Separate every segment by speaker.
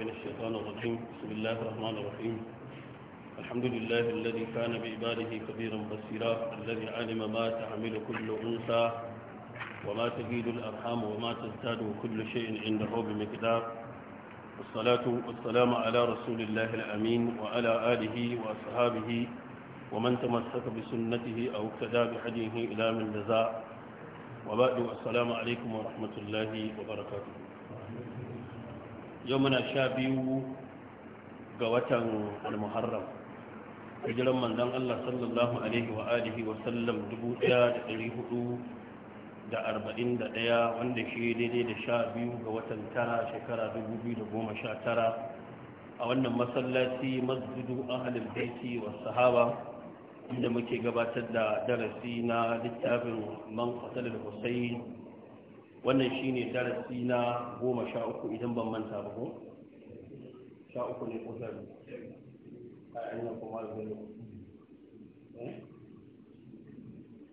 Speaker 1: من الشيطان الرجيم بسم الله الرحمن الرحيم الحمد لله الذي كان بعباده خبيرا بصيرا الذي علم ما تعمل كل انثى وما تهيد الارحام وما تزداد كل شيء عنده بمقدار والصلاة والسلام على رسول الله الأمين وعلى آله وأصحابه ومن تمسك بسنته أو اقتدى بهديه إلى من جزاء وبعد السلام عليكم ورحمة الله وبركاته yau sha biyu ga watan al-muharram hijiran manzon Allah sallallahu alaihi wa alihi wa sallam 1441 wanda shi daidai da sha biyu ga watan tara shekara 2019 a wannan masallaci masjidu ahlul baiti was sahaba inda muke gabatar da darasi na littafin man qatal al-husayn wannan shi ne darasi na goma sha uku idan ban manta ba ko sha uku ne ko sha a yanyan kuma da zai eh?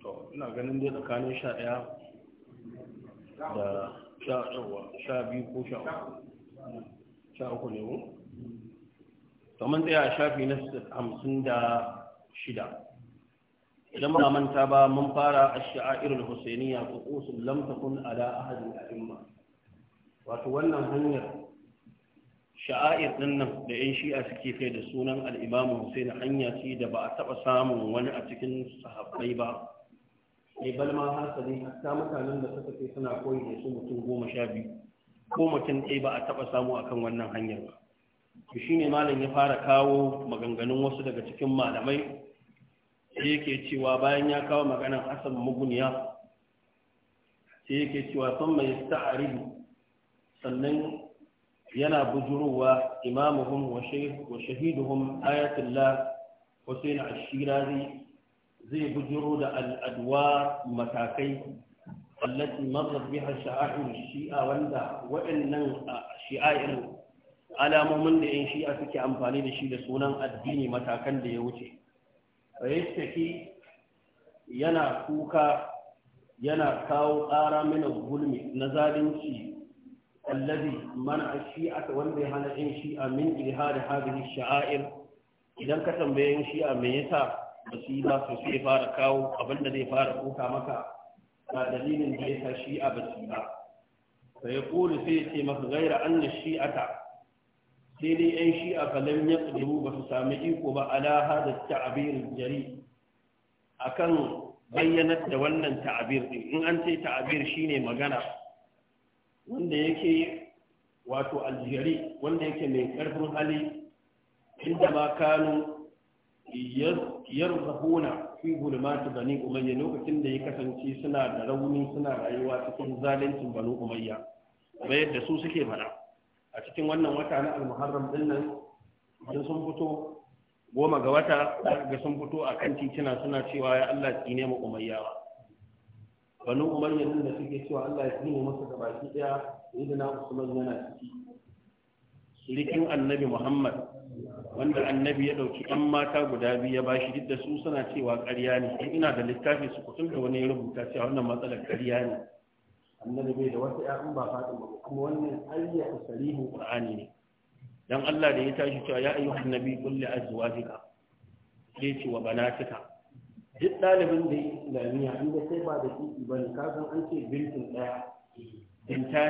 Speaker 1: to ina ganin dai tsakanin sha ɗaya da sha ɗawa sha biyu ko sha uku sha uku ne ko kamar tsaya a shafi na hamsin da shida idan ba manta ba mun fara ash-sha'irul husainiyya qusul lam takun ala ahadin a'imma wato wannan hanyar sha'air din nan da yan shi'a suke kai da sunan al-imam Hussein hanya ce da ba a taba samun wani a cikin sahabbai ba sai balma hasali hatta mutanen da suka kai suna koyi da su mutum goma sha biyu ko mutum ɗaya ba a taɓa samu akan wannan hanyar ba shi ne malam ya fara kawo maganganun wasu daga cikin malamai sai yake cewa bayan ya kawo maganar asan muguniya sai yake cewa sun mai sta'aridu sannan yana bujurowa imamuhum wa shahiduhum ayatullah Hussein Ashirazi
Speaker 2: zai bujuro da al'adwa matakai
Speaker 1: التي مرت بها شعائر alamomin da وإن shi'a suke amfani da shi da sunan addini matakan da ya wuce. fayyastaki yana kuka yana kawo ƙara mana gulmi na zalunci allazi mana shi'a wanda ya hana yin shi'a min ilhari hadhihi sha'air idan ka tambaye shi'a me yasa ba su yi ba su fara kawo abin da zai fara kuka maka ba dalilin da yasa shi'a ba su yi ba fa yaqulu sai ya ce maka anna shi'ata sai dai yan shi'a kalam ya tsibu ba su sami iko ba ala hada ta'abirin jari akan bayyanar da wannan ta'abir din in an ce ta'abir shine magana wanda yake wato aljari wanda yake mai ƙarfin hali inda ma kanu yarzahuna fi gulmatu bani umayya lokacin da ya kasance suna da rauni suna rayuwa cikin zaluncin bani umayya Ba yadda su suke faɗa a cikin wannan wata na almuharram din nan sun fito goma ga wata ga sun fito a kan titina suna cewa ya Allah ki ne mu umayyawa banu umayya din da suke cewa Allah ya tsine masa da baki daya sayyidina Usman yana ciki shirikin annabi Muhammad wanda annabi ya dauki 'yan mata guda biyu ya bashi duk da su suna cewa ƙarya ne in ina da littafi su kutum da wani rubuta cewa wannan matsalar ƙarya ne annabi bai da wata ya ba fadin ba kuma wannan ayyuka sarihin qur'ani ne dan Allah da ya tashi cewa ya ayyuhan nabi qul li azwajika sai ce wa banatika duk dalibin da yake islamiya inda sai ba da kiki bane ka san an ce bintin daya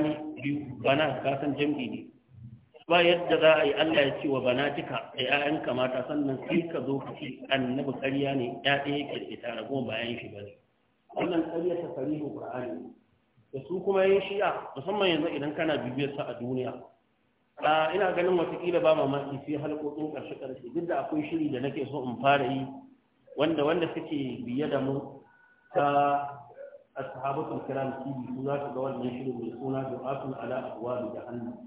Speaker 1: ne biyu bana ka san jam'i ne ba yadda za a yi Allah ya ce wa banatika da ‘ya'yanka mata sannan sai ka zo ka ce annabi ƙarya ne ya ɗaya da ita da kuma bayan shi ba ne. Wannan ƙarya ta sarihin Ƙur'ani da su kuma yin shi'a musamman yanzu idan kana bibiyar sa a duniya a ina ganin watakila ba mamaki sai halƙoƙin ƙarshe ƙarshe duk da akwai shiri da nake so in fara yi wanda wanda suke biye da mu ta ashabatul kiram tv su za su ga wannan shirin mai suna du'atul ala abwabi jahannam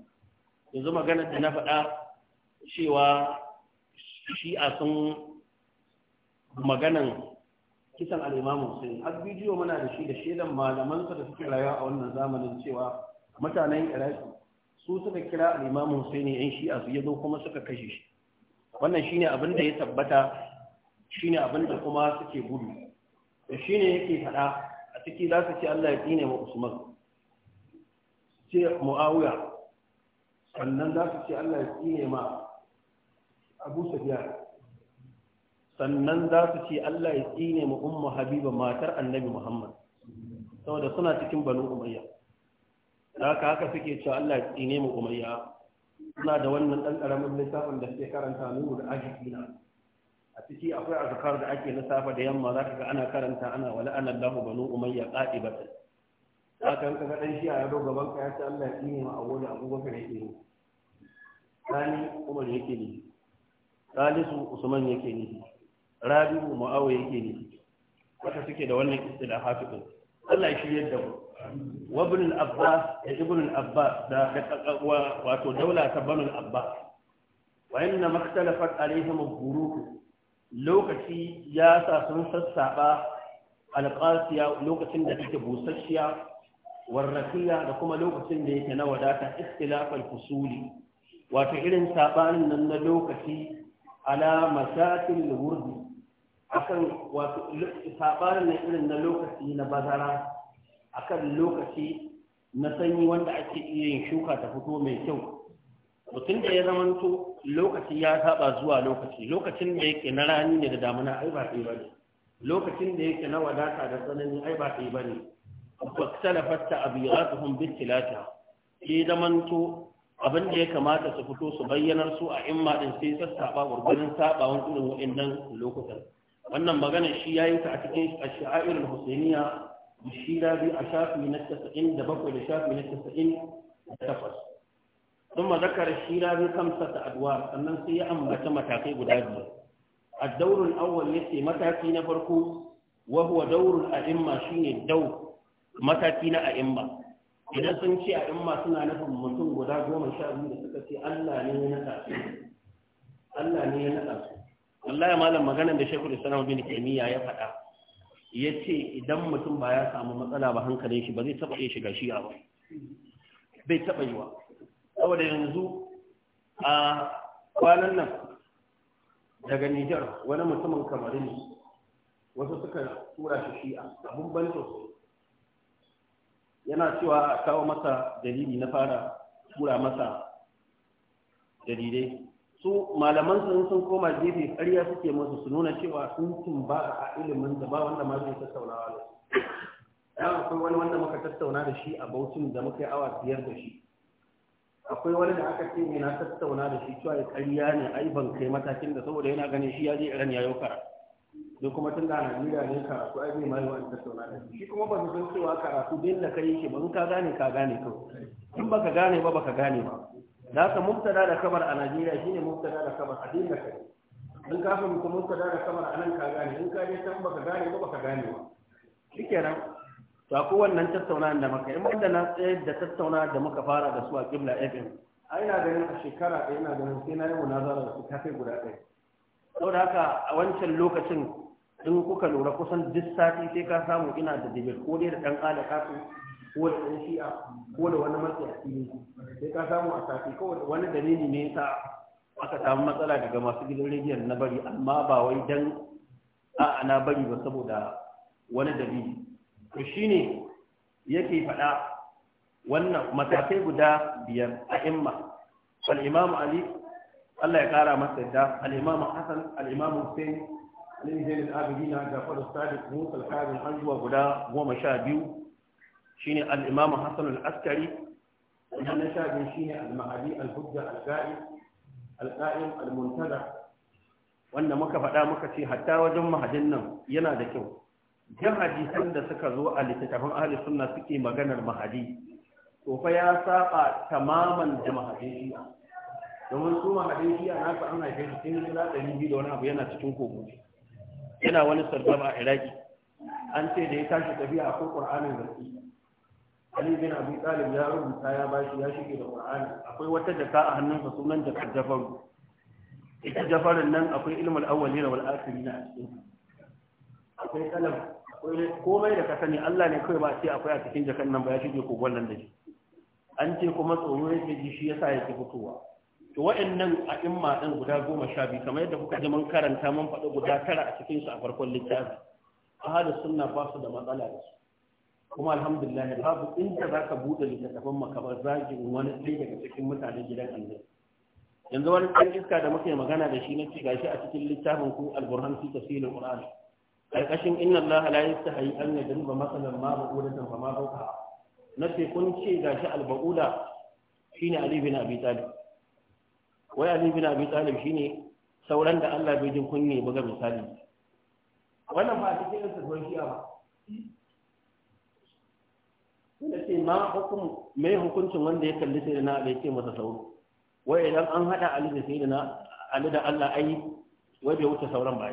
Speaker 1: yanzu magana da na faɗa cewa shi'a sun maganan kisan al'imam sai har bidiyo muna da shi da shaidan malamansa da suke rayuwa a wannan zamanin cewa mutanen iraki su suka kira al'imam sai yan yan a su yazo kuma suka kashe shi wannan shine abin da ya tabbata shine abin da kuma suke gudu da shine yake fada a ciki za su ce Allah ya tsine ma Usman ce Muawiya sannan za su ce Allah ya tsine ma Abu Sufyan sannan za su ce Allah ya tsine mu umma habiba matar annabi Muhammad saboda suna cikin banu umayya haka haka suke cewa Allah ya tsine mu umayya suna da wannan dan karamin littafin da suke karanta nuru da ajibina a ciki akwai azkar da ake na safa da yamma zaka ga ana karanta ana wala Allahu banu umayya qadibatan haka ka ga dan shi a yaro gaban ka ya ce Allah ya tsine mu abu da awwali abubakar yake ne sani umar yake ne salisu usman yake ne rabi'u mu'awiya yake ne wata suke da wannan istilahatu din Allah ya shirye da mu wa ibn al-abbas da ibn al-abbas da wato daula ta banu al-abbas wa inna maktalafat alaihim al-gurur lokaci ya sa sun sassaba alqasiya lokacin da take busasshiya warrafiya, da kuma lokacin da yake na wadata ikhtilafal fusuli wato irin sabanin nan na lokaci ala masatil wurdi akan wato sabarin na irin na lokaci na bazara akan lokaci na sanyi wanda ake iya yin shuka ta fito mai kyau mutum da ya to lokaci ya saba zuwa lokaci lokacin da yake na rani ne da damuna ai ba ɗaya bane lokacin da yake na wadata da tsanani ai ba ɗaya bane faktalafat ta'biratuhum bitilata ke to abin da ya kamata su fito su bayyanar su a imma din sai sassaba gurgurin sabawan irin waɗannan lokutan wannan magana shi ya yi ta a cikin a sha'irin husainiya shi da biyu a da bakwai da shafi na tasa'in da takwas sun mazakar shi da biyu kamsa ta sannan sai ya ambata matakai guda biyu a daurin awal ya ce mataki na farko wa huwa daurin a'imma dau mataki na a'imma idan sun ce a'imma suna nufin mutum guda goma sha biyu da suka ce allah ne ya naɗa su wallahi malam maganar da shekul islam bin taimiyya ya faɗa ya ce idan mutum ba ya samu matsala ba hankalin shi ba zai taɓa iya shiga shi'a ba bai taɓa yi wa saboda yanzu a kwanan nan daga nijar wani mutumin kamarin wasu suka tura shi shi'a abun ban sosai yana cewa a kawo masa dalili na fara tura masa dalilai su malaman sun sun koma gefe ƙarya suke musu su nuna cewa sun cin ba a ilimin da ba wanda ma zai tattaunawa da su ya akwai wani wanda muka tattauna da shi a Bauchin da muka yi awa biyar da shi akwai wani da aka ce yana tattauna da shi cewa ƙarya ne ai ban kai matakin da saboda yana ganin shi ya je irin ya yi kara dai kuma tun da Najeriya ne karatu ai zai mai wani tattauna da shi kuma ba su san cewa karatu din da kai yake ba in ka gane ka gane kawai in baka gane ba baka gane ba da haka mubtada da kabar a Najeriya shine mubtada da kabar a dinka kai in ka fahimta mubtada da kabar a nan ka gane in ka je can baka gane ba baka gane ba shikenan to ko wannan tattaunawa da muka yi da na tsayar da tattauna da muka fara da su a Qibla FM ai na ganin a shekara ɗaya na ganin sai na yi munazara da su ta kai guda ɗaya saboda haka a wancan lokacin in kuka lura kusan duk sati sai ka samu ina da dibir ko dai da ɗan ƙala kasu ko da ɗan shi'a ko da wani matsayaci ne sai ka samu a safi kawai wani dalili ne ta, aka samu matsala daga masu gidan rediyon na bari amma ba wai dan a'a na bari ba saboda wani dalili to shine yake faɗa wannan matakai guda biyar a imma Alimamu ali Allah ya kara masa yadda Alimamu Hassan, Alimamu al-imam hussein al-imam abidina da faru sadiq musa al-karim an zuwa guda goma sha biyu shine al-imam hasan askari na shafin shine al al-hujja al-ga'i al-qa'im al-muntada wanda muka faɗa muka ce hatta wajen mahadin nan yana da kyau jan hadisan da suka zo a littattafan ahli sunna suke maganar mahadi to fa ya saba tamaman da mahadin domin su mahadin na sa ana kai cikin jira ɗari biyu da wani abu yana cikin kogo yana wani sargaba a iraki an ce da ya tashi tafiya a kan ƙur'anin gaske Ali bin Abi Talib ya rubuta ya bashi ya shige da Qur'ani akwai wata jaka a hannunsa sunan jakar Jafaru ita Jafarun nan akwai ilmul awwalina wal akhirina a cikin akwai kalam akwai komai da ka sani Allah ne kawai ba ce akwai a cikin jakan nan ba ya shige kogon nan da shi an ce kuma tsoro yake ji shi yasa yake fitowa to wa'annan a imma din guda goma sha biyu kamar yadda kuka ji mun karanta mun faɗi guda tara a cikin su a farkon littafi ahlus sunna ba su da matsala da su kuma alhamdulillah babu inda za ka buɗe littattafan makabar zagin wani ɗaya daga cikin mutanen gidan annabi yanzu wani ɗan iska da muke magana da shi na ci gashi a cikin littafin ku alburhan fi tafsirin qur'an karkashin inna allaha la yastahi an yadriba masalan ma ba'udatan fa ma fawqa na ce kun ce gashi alba'ula shine ali bin abi talib wai ali bin abi talib shine sauran da Allah bai jin kunye buga misali wannan ba cikin littafin shi'a ba da ce ma hukum me hukuncin wanda ya kalli sai na bai ce masa sauro wai idan an hada ali da sai na ali da Allah ai wai bai wuce sauran ba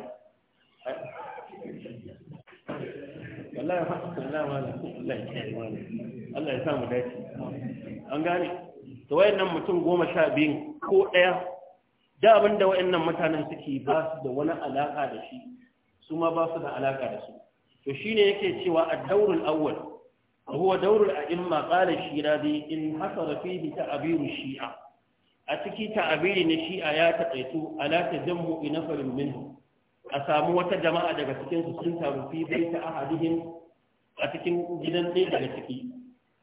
Speaker 1: Allah ya faɗa Allah ya Allah ya Allah ya sa mu dace an gane to wayannan mutum goma sha biyu ko ɗaya da abin da wayannan mutanen suke ba su da wani alaka da shi su ma ba su da alaka da su to shine yake cewa ad-dawrul awwal a daurul a'imma qala shirazi in hasara fihi ta'abiru shi'a a ciki ta'abiri na shi'a ya taƙaitu ala tajammu nafarin minhu a samu wata jama'a daga cikin su sun taru fi baita a cikin gidan ɗaya daga ciki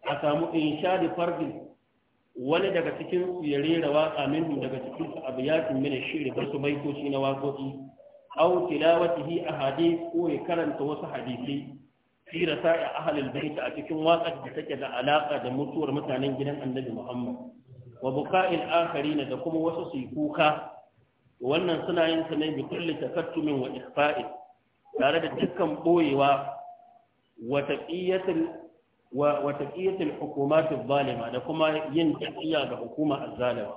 Speaker 1: a samu inshadi fardin wani daga cikin su ya rera waƙa minhum daga cikin su abiyatin min wasu baitoci na waƙoƙi aw tilawatihi ahadith ko ya karanta wasu hadisi fi rasa'i ahlul bait a cikin waƙar da take da alaka da mutuwar mutanen gidan annabi Muhammad wa buka'il akharina da kuma wasu su kuka wannan suna yin sa ne bi kulli takattumin wa ikhfa'i tare da dukkan boyewa wa taqiyatul wa taqiyatul hukumat da kuma yin taqiya ga hukuma adh-dhalima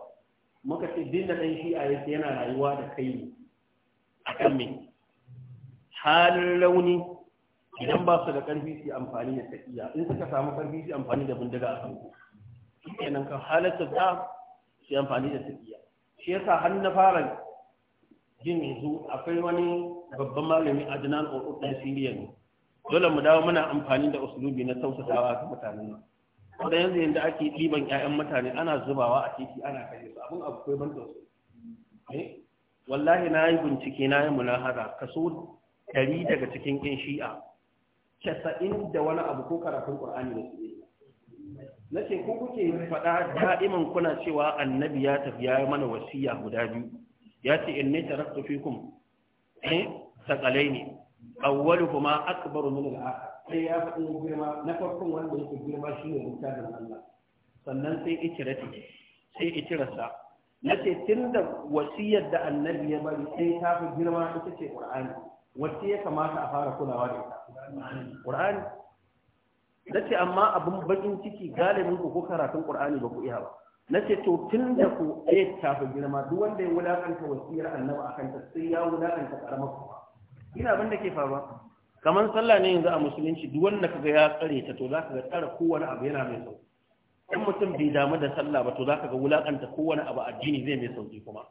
Speaker 1: muka ce dinda da dan shi'a yake yana rayuwa da kai akan me halin launi idan ba su da karfi su amfani da tafiya in suka samu karfi su amfani da bindiga a kanku kenan ka halatta da su amfani da tafiya shi ya sa na fara jin yanzu akwai wani babban malami Adnan O'Udin Siriya ne dole mu dawo muna amfani da usulubi na tausasawa ga mutanen nan wanda yanzu yanda ake ɗiban 'ya'yan mutane ana zubawa a titi ana kashe su abin kai ban tausayi eh wallahi na yi bincike na yi munahara kaso ɗari daga cikin ƴan shi'a casa'in da wani abu ko karatun ƙur'ani da su na ce ko kuke faɗa da'iman kuna cewa annabi ya tafi ya mana wasiya guda biyu ya ce in ne taraktu fikum eh sakalai ne awwalu kuma akbaru min al-akhar sai ya faɗi girma na farkon wanda yake girma shine littafin Allah sannan sai ikirati sai ikirasa na ce tun da wasiyar da annabi ya bari sai ta fi girma ita ce qur'ani wacce ya kamata a fara kulawa da ita ƙur'ani na ce amma abin bakin ciki galibin ku ko karatun ƙur'ani ba ku iya ba na ce to tun da ku ɗaya eh tafi girma duk wanda ya wulaƙanta wasiyar annaba a kanta sai ya wulaƙanta ƙaramar ku ba. ina abin da ke faruwa kamar sallah ne yanzu a musulunci duk wanda kaga ya tsare ta to zaka ga tsare kowane abu yana mai sauki in mutum bai damu da sallah ba to zaka ga wulakanta kowane abu addini zai mai sauki kuma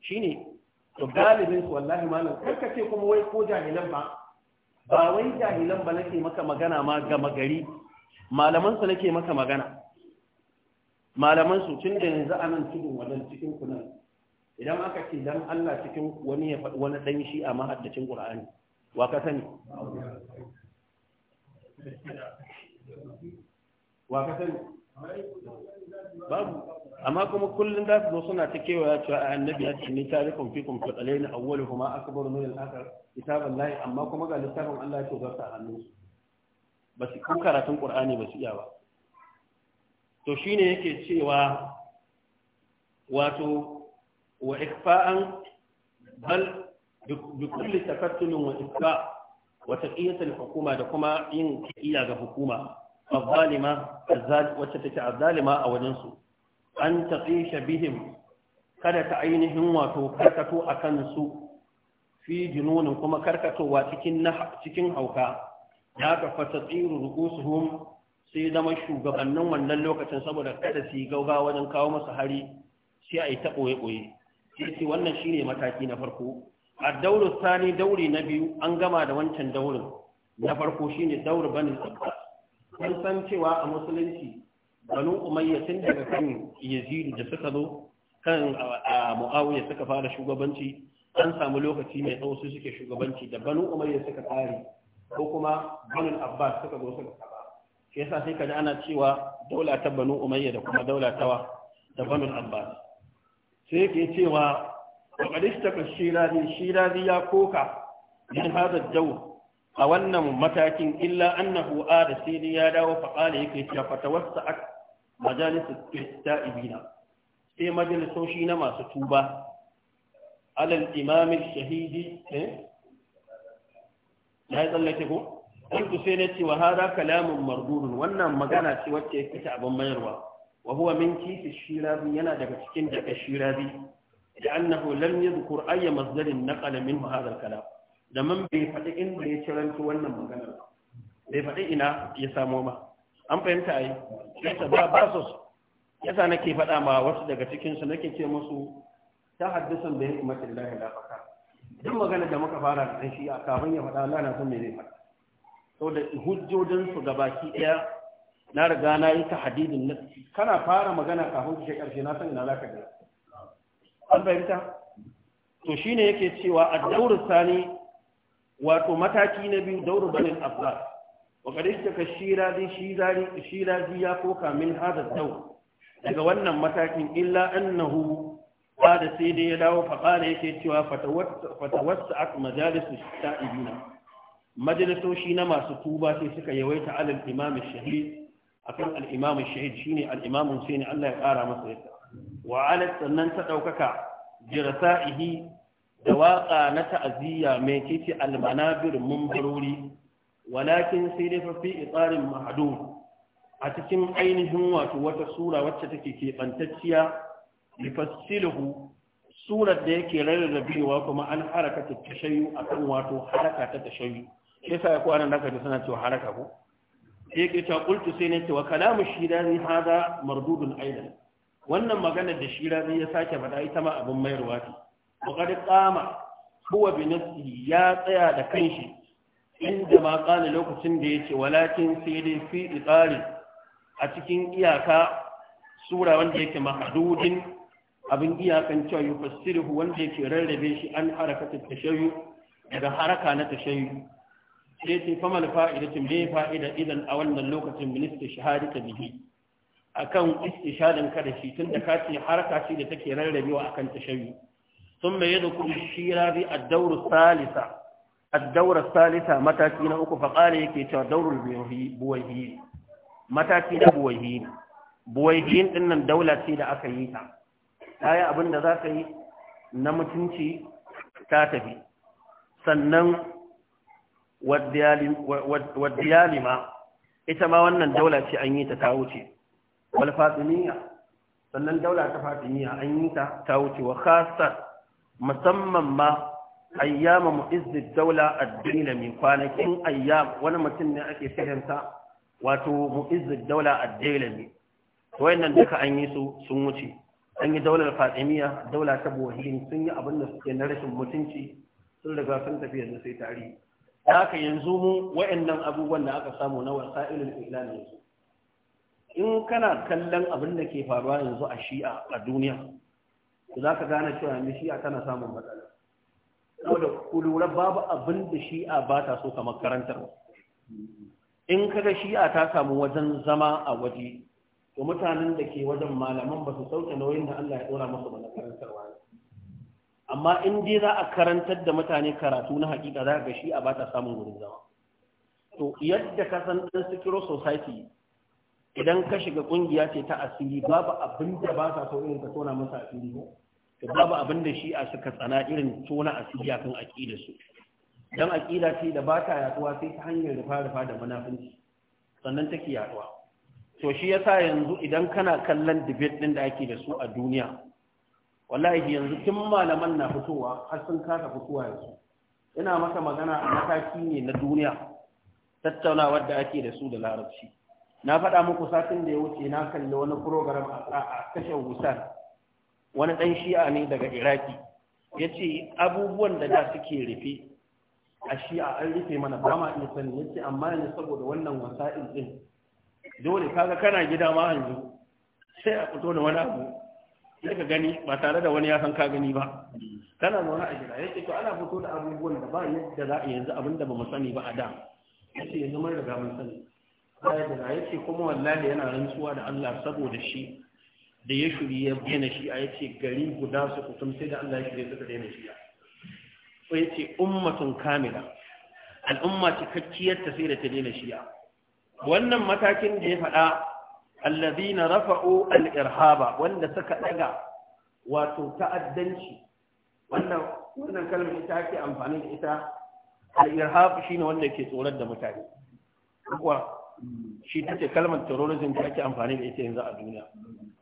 Speaker 1: shine to galibin su wallahi malam karka ce kuma wai ko jahilan ba ba wai jahilan ba nake maka magana ma ga magari malaman su nake maka magana malaman su tun da yanzu a nan cikin wannan cikin ku nan idan aka ce dan Allah cikin wani ya faɗi wani dan shi a mahaddacin Qur'ani wa ka sani wa ka sani babu amma kuma kullum za su zo suna ta kewaya cewa a annabi ya ce ni tarikun fikum fadalai na awwalu kuma akbar min al-akhar kitaban lahi amma kuma ga littafin Allah to garta hannun su ba su kan karatun Qur'ani ba su iya ba to shine yake cewa wato wa ikfa'an bal bi kulli takattulin wa ikfa wa taqiyat hukuma da kuma yin iya ga hukuma az-zalima az-zalima wacce take az-zalima a wajen su an taƙi bihim kada ta ainihin wato karkato a kansu fi jinonin kuma karkatowa cikin hauka ya ka fata tsiru rukusuhum sai zama shugabannin wannan lokacin saboda kada su yi gauga wajen kawo masu hari sai a yi ta ɓoye-ɓoye sai wannan shi ne mataki na farko a daurin sani dauri na biyu an gama da wancan daurin na farko shine daure bani tsakka kun san cewa a musulunci banu umayya tun daga kan yazid da suka zo kan muawiya suka fara shugabanci an samu lokaci mai tsawo su suke shugabanci da banu umayya suka tsari ko kuma banu abbas suka zo suka saba shi yasa sai kaji ana cewa daula ta banu umayya da kuma daula ta da banu abbas sai yake cewa وقد اشتكى الشيرازي الشيرازي يا كوكا من هذا الجو أولنا متاكين إلا أنه آد سيدي يا داو فقال يكي فتوسعت majalisu ta'ibina sai majalisoshi na masu tuba alal imamin shahidi eh yi tsallake ko kuntu sai na ce wa hada kalamun mardudun wannan magana ce wacce ya fita abin mayarwa wa huwa min kisi shirabi yana daga cikin daga shirabi da annahu lam yadhkur ayya masdarin naqala minhu hadha kalam da man bai faɗi inda ya ciranto wannan magana bai faɗi ina ya samo ba an fahimta ai yasa ba ba su yasa nake faɗa ma wasu daga cikin su nake ce musu ta haddisan da yake mace lillahi la faka duk magana da muka fara da shi a kafin ya faɗa Allah na san me zai faɗa saboda hujjojin su baki daya na riga na yi ta hadidin kana fara magana kafin ka karshe na san ina zaka ga an fahimta to shine yake cewa ad-dawr sani wato mataki na biyu dawr banin afdal wa qad ishtaka shirazi ya koka min hada tau daga wannan matakin illa annahu da sai dai ya dawo faƙara yake cewa fatawassa a majalisu ta'ibina majalisoshi na masu tuba sai suka yawaita alal imam shahid akan al imam shahid shine al imam ne Allah ya ƙara masa yadda wa sannan ta ɗaukaka jirsa'ihi da waƙa na ta'aziyya mai kici al manabir mumbarori walakin sai dai fa fi itsarin mahdud a cikin ainihin wato wata sura wacce take keɓantacciya lifassiluhu surar da yake rarrabewa kuma an haraka ta tashayyu akan wato haraka ta tashayyu sai sai ko anan naka suna cewa haraka ko sai ke ta qultu wa kalamu shirani hada mardudun aidan wannan magana da shirani ya sake faɗa ita ma abin mayarwa ce wa qad qama huwa ya tsaya da kanshi inda ma kala lokacin da ya ce walakin sai dai fi tsari a cikin iyaka sura wanda yake mahadudin abin iyakan cewa yi fassirihu wanda yake rarrabe shi an harakata tashayu daga haraka na tashayu. sai ce famal fa'idatin fa'ida idan a wannan lokacin minista shahadi ta bihi akan istishadin ka da shi tun da ka ce haraka shi da take rarrabewa akan tashayu. sun mai yadda kuma shira rabi a dauru salisa الدورة الثالثة متاكين أكو فقال يكي دور البويهين متاكين بويهين بويهين إن الدولة تيدا أكيتا آية أبن ذاكي نمتنشي تاتبي سنن والديالما إتما وأن الدولة تي أنيتا تاوتي والفاطمية سنن دولة فاطمية أنيتا تاوتي وخاصة مسمى ما ayyama mu'izzid daula ad-dilami kwanakin ayyam wani mutum ne ake fahimta, wato mu'izzid daula ad ne. wayannan duka an yi su sun wuce an yi daular fatimiyya daula ta buhari sun yi abin da suke na rashin mutunci sun riga sun tafi yanzu sai tarihi haka yanzu mu wayannan abubuwan da aka samu na wasailul islam yanzu in kana kallon abin da ke faruwa yanzu a shi'a a duniya za ka gane cewa yanzu shi'a tana samun matsala saboda ku lura babu abin da shi'a ba ta so kamar karantar in kaga shi'a ta samu wajen zama a waje to mutanen da ke wajen malaman ba su sauke nauyin da Allah ya dora musu ba na karantarwa amma in dai za a karantar da mutane karatu na hakika za ga shi'a ba ta samun wurin zama to yadda ka san dan society idan ka shiga ƙungiya ce ta asiri babu abin da ba sa so irin ka tona masa asiri to babu abin da shi a suka tsana irin tona asiri kan aƙida su dan aƙida ce da ba ta yaduwa sai ta hanyar rufa rufa da munafunci sannan take yaduwa to shi yasa yanzu idan kana kallon debate din da ake da su a duniya wallahi yanzu tun malaman na fitowa har sun kasa fitowa yanzu ina masa magana a mataki ne na duniya tattaunawar da ake da su da larabci na faɗa muku satin da ya wuce na kalli wani program a tashar husar wani ɗan shi'a ne daga iraki ya ce abubuwan da da suke rufe a shi'a an rufe mana ba ma iya sani ya ce amma yanzu saboda wannan wasa'il ɗin dole kaga kana gida ma yanzu sai a fito da wani abu sai ka gani ba tare da wani ya san ka gani ba kana zaune a gida ya ce to ana fito da abubuwan da ba yadda za a yanzu abin da ba mu sani ba a da ya ce yanzu mun riga mun sani ya ce kuma wallahi yana rantsuwa da Allah saboda shi da ya shuri ya gina shi a yace gari guda su kutum sai da Allah ya shirye suka daina shi ko ya ce ummatun kamila al'umma cikakkiyarta sai da ta daina shi wannan matakin da ya faɗa allazina rafa'u al-irhaba wanda suka daga wato ta'addanci wannan wannan kalmar ita ake amfani da ita al-irhab shine wanda ke tsorar da mutane kuwa shi ta ce kalmar terrorism da ake amfani da ita yanzu a duniya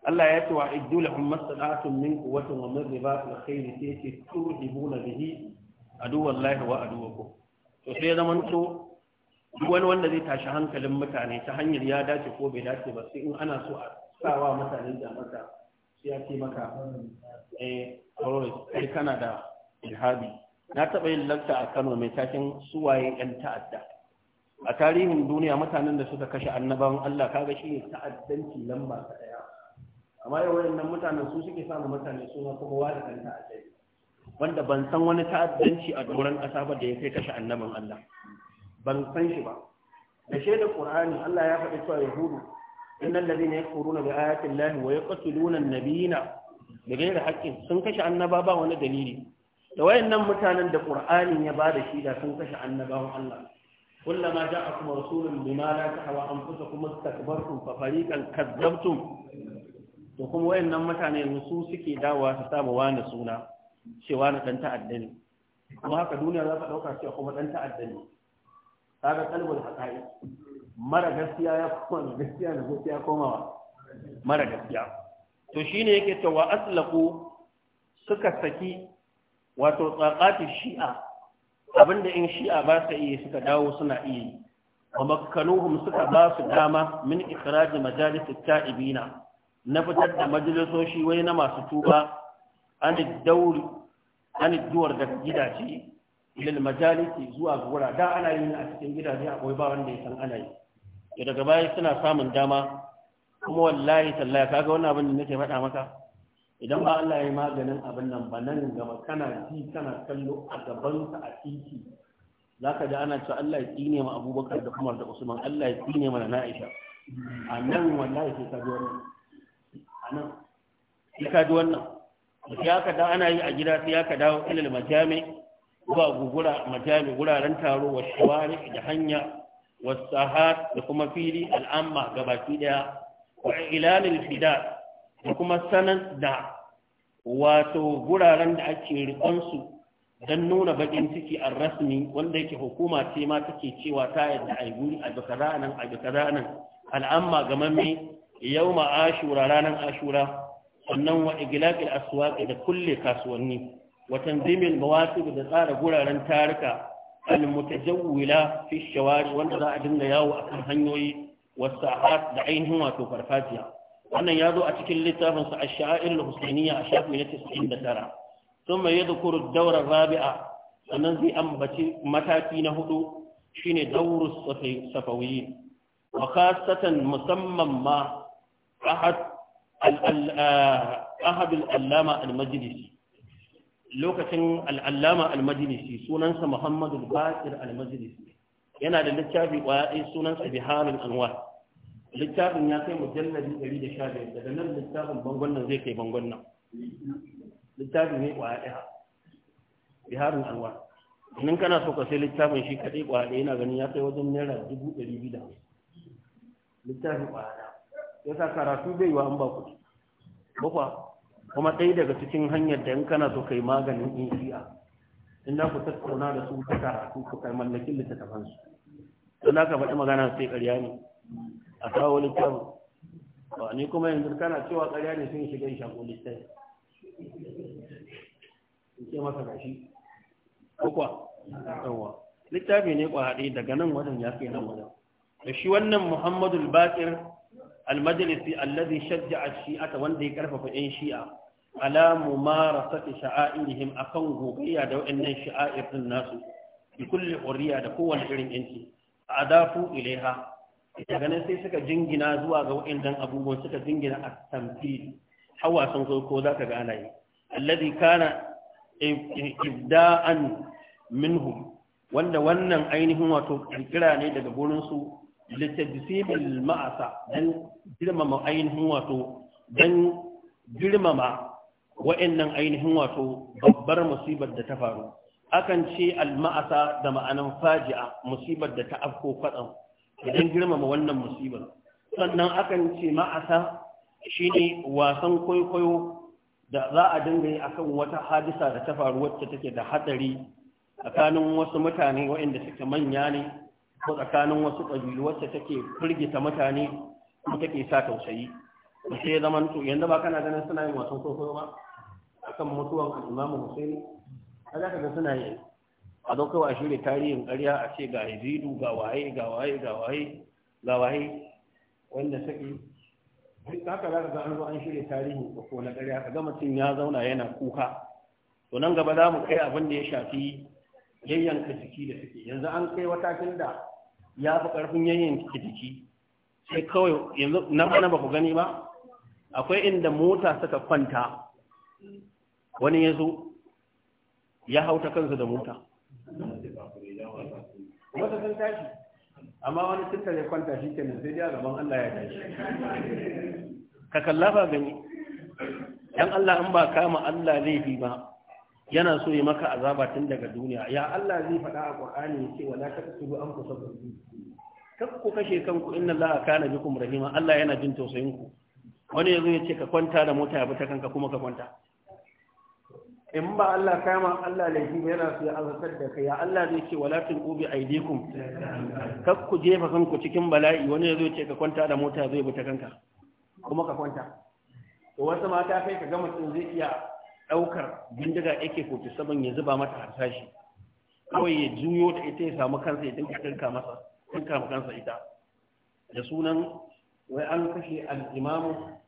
Speaker 1: Allah ya ce wa iddu lahum masalatun min quwwatin wa min ribatil khayr yake turhibuna bihi aduwallahi wa aduwakum to sai zaman to duk wani wanda zai tashi hankalin mutane ta hanyar ya dace ko bai dace ba sai in ana so a sawa mutane da maka sai ya ce maka eh kai kana da jihadi na taɓa yin lakta a Kano mai tashin suwaye 'yan ta'adda a tarihin duniya mutanen da suka kashe annabawan Allah kaga shi ne ta'addanci lamba ta ɗaya amma yau wayannan mutanen su suke samun mutane suna kuma wada kan wanda ban san wani ta'addanci a doron ƙasa ba da ya kai kashe annabin Allah ban san shi ba da shaida Qur'ani Allah ya faɗi cewa yahudu innal ladina yakfuruna bi ayati llahi wa yaqtuluna an-nabiyina da haqqin sun kashe annaba ba wani dalili da wayannan mutanen da Qur'ani ya ba da shi da sun kashe annabawan Allah kullama ja'akum rasulun bima la tahwa anfusakum kuma fa fariqan kadzabtum to kuma wayannan mutane su suke dawowa su saba wani suna cewa na dan ta'adda ne kuma haka duniya za ta dauka cewa kuma dan ta'adda ne kaga kalbul haqa'i mara gaskiya ya koma gaskiya da gaskiya komawa mara gaskiya to shine yake cewa aslaqu suka saki wato tsakati shi'a abinda in shi'a ba su iya suka dawo suna iya yi wa makkanuhum suka ba su dama min ikhraj majalis taibina na fitar da majalisoshi wai na masu tuba an dauri an duwar da gidaje ilil majalisi zuwa gura da ana yi a cikin gidaje akwai ba wanda ya san ana yi ya daga baya suna samun dama kuma wallahi tallahi kaga wannan abin da nake faɗa maka idan ba Allah ya maganin abin nan ba nan gaba kana ji kana kallo a gaban ka a titi zaka ji ana cewa Allah ya tsine ma Abubakar da Umar da Usman Allah ya tsine ma na Aisha a nan wallahi sai ka ji wannan a nan sai ka ji wannan ya ka da ana yi a gida sai ya ka dawo ilil majami zuwa gugura majami guraren taro wa shawari da hanya wa sahar da kuma fili al'amma gabaki daya wa ilalil fida da kuma sanan da wato guraren da ake rikonsu don nuna bakin ciki a rasmi wanda yake hukuma ce ma take cewa ta yadda a guri a duka nan a duka nan al'amma game yawma ashura ranar ashura sannan wa iglaqil aswaq da kulle kasuwanni wa zimil mawaqif da tsara guraren taruka al mutajawwila fi shawari wanda za a dinga yawo akan hanyoyi wasahat da ainihin wato farfajiya wannan ya zo a cikin littafin sa ash-sha'ir al-husainiyya a shafi na 99 thumma yadhkuru rabi'a sannan zai ambaci mataki na hudu shine dawrus safawiyyin wa khasatan musamman ma ahad ahad al-allama al-majlisi lokacin al-allama al-majlisi sunansa Muhammad al al-majlisi yana da littafi kwaya sunansa biharul anwar littafin ya kai mujalladi 115 daga nan littafin bangon nan zai kai bangon nan littafin ne kwaya ɗaya biharul anwar in kana so ka sai littafin shi kaɗai kwaya yana ganin ya kai wajen naira dubu ɗari biyu da littafin kwaya yasa karatu bai wa an ba kuɗi bakwa kuma ɗaya daga cikin hanyar da in kana so kai maganin in shi'a in za ku tattauna da su ta karatu ku kai mallakin su. don haka faɗi magana sai ƙarya ne a kawo littafin ba ni kuma yanzu kana cewa ƙarya ne sun shiga in shaƙo littafi in ce masa gashi ko kuwa yawa littafi ne kwa haɗe daga nan wajen ya kai nan wajen da shi wannan Muhammadu bakir almajalisi allazi shajja'a shi'ata wanda ya karfafa yan shi'a ala mumarasati sha'airihim akan gogayya da waɗannan sha'air din nasu bi kulli hurriya da kowane irin yanci adafu ilaiha daga nan sai suka jingina zuwa ga waɗannan abubuwan suka jingina a tamthil hawa sun zo ko zaka ga ana yi allazi kana ibda'an minhum wanda wannan ainihin wato kirkira ne daga su litajsimil ma'asa dan girmama ainihin wato dan wa'annan ainihin wato babbar musibar da ta faru akan ce al-ma'asa da ma'anan faji'a musibar da ta afko kwatsam idan girmama wannan musibar sannan akan ce ma'asa shine wasan kwaikwayo da za a dinga yi akan wata hadisa da ta faru wacce take da hatsari tsakanin wasu mutane waɗanda suke manya ne ko tsakanin wasu ƙabilu wacce take firgita mutane kuma take sa tausayi sai ya zama to yanda ba kana ganin suna yin wasan kwaikwayo ba akan mutuwan al'imamu husaini a za ka ga suna yi a zo kawai a shirya tarihin ƙarya a ce ga yazidu ga waye ga waye ga waye ga waye wanda saki duk haka za ka ga an zo an shirya tarihin ko na ƙarya ka ga mutum ya zauna yana kuka to nan gaba za mu kai abin da ya shafi yayyanka jiki da suke yanzu an kai watakin da ya fi ƙarfin yanyan jiki sai kawai yanzu na bana ba ku gani ba akwai inda mota suka kwanta wani ya zo ya hauta kansa da mota wata sun tashi amma wani cinta ya kwanta shi nan sai dai gaban Allah ya tashi ka kallafa gani
Speaker 2: dan Allah in ba
Speaker 1: kama Allah laifi ba yana so ya maka azaba tun daga duniya ya Allah zai faɗa a Qur'ani ya ce ba taqtulu yi? kan ku kashe kanku inna allaha kana bikum rahima Allah yana jin tausayin ku wani yazo ya ce ka kwanta da mota ya bi ta kanka kuma ka kwanta in ba Allah kama Allah laifi ba yana su ya azabtar da kai ya Allah zai ce wala tulqu bi aydikum kar ku jefa kanku cikin bala'i wani yazo ya ce ka kwanta da mota zai bi ta kanka kuma ka kwanta to wasu mata kai ka ga mutum zai iya daukar bindiga ak saban ya zuba mata harsashi kawai ya juyo da ita ya samu kansa ya dinka kanka masa yanka ma kansa ita da sunan wai an kashe al-imamu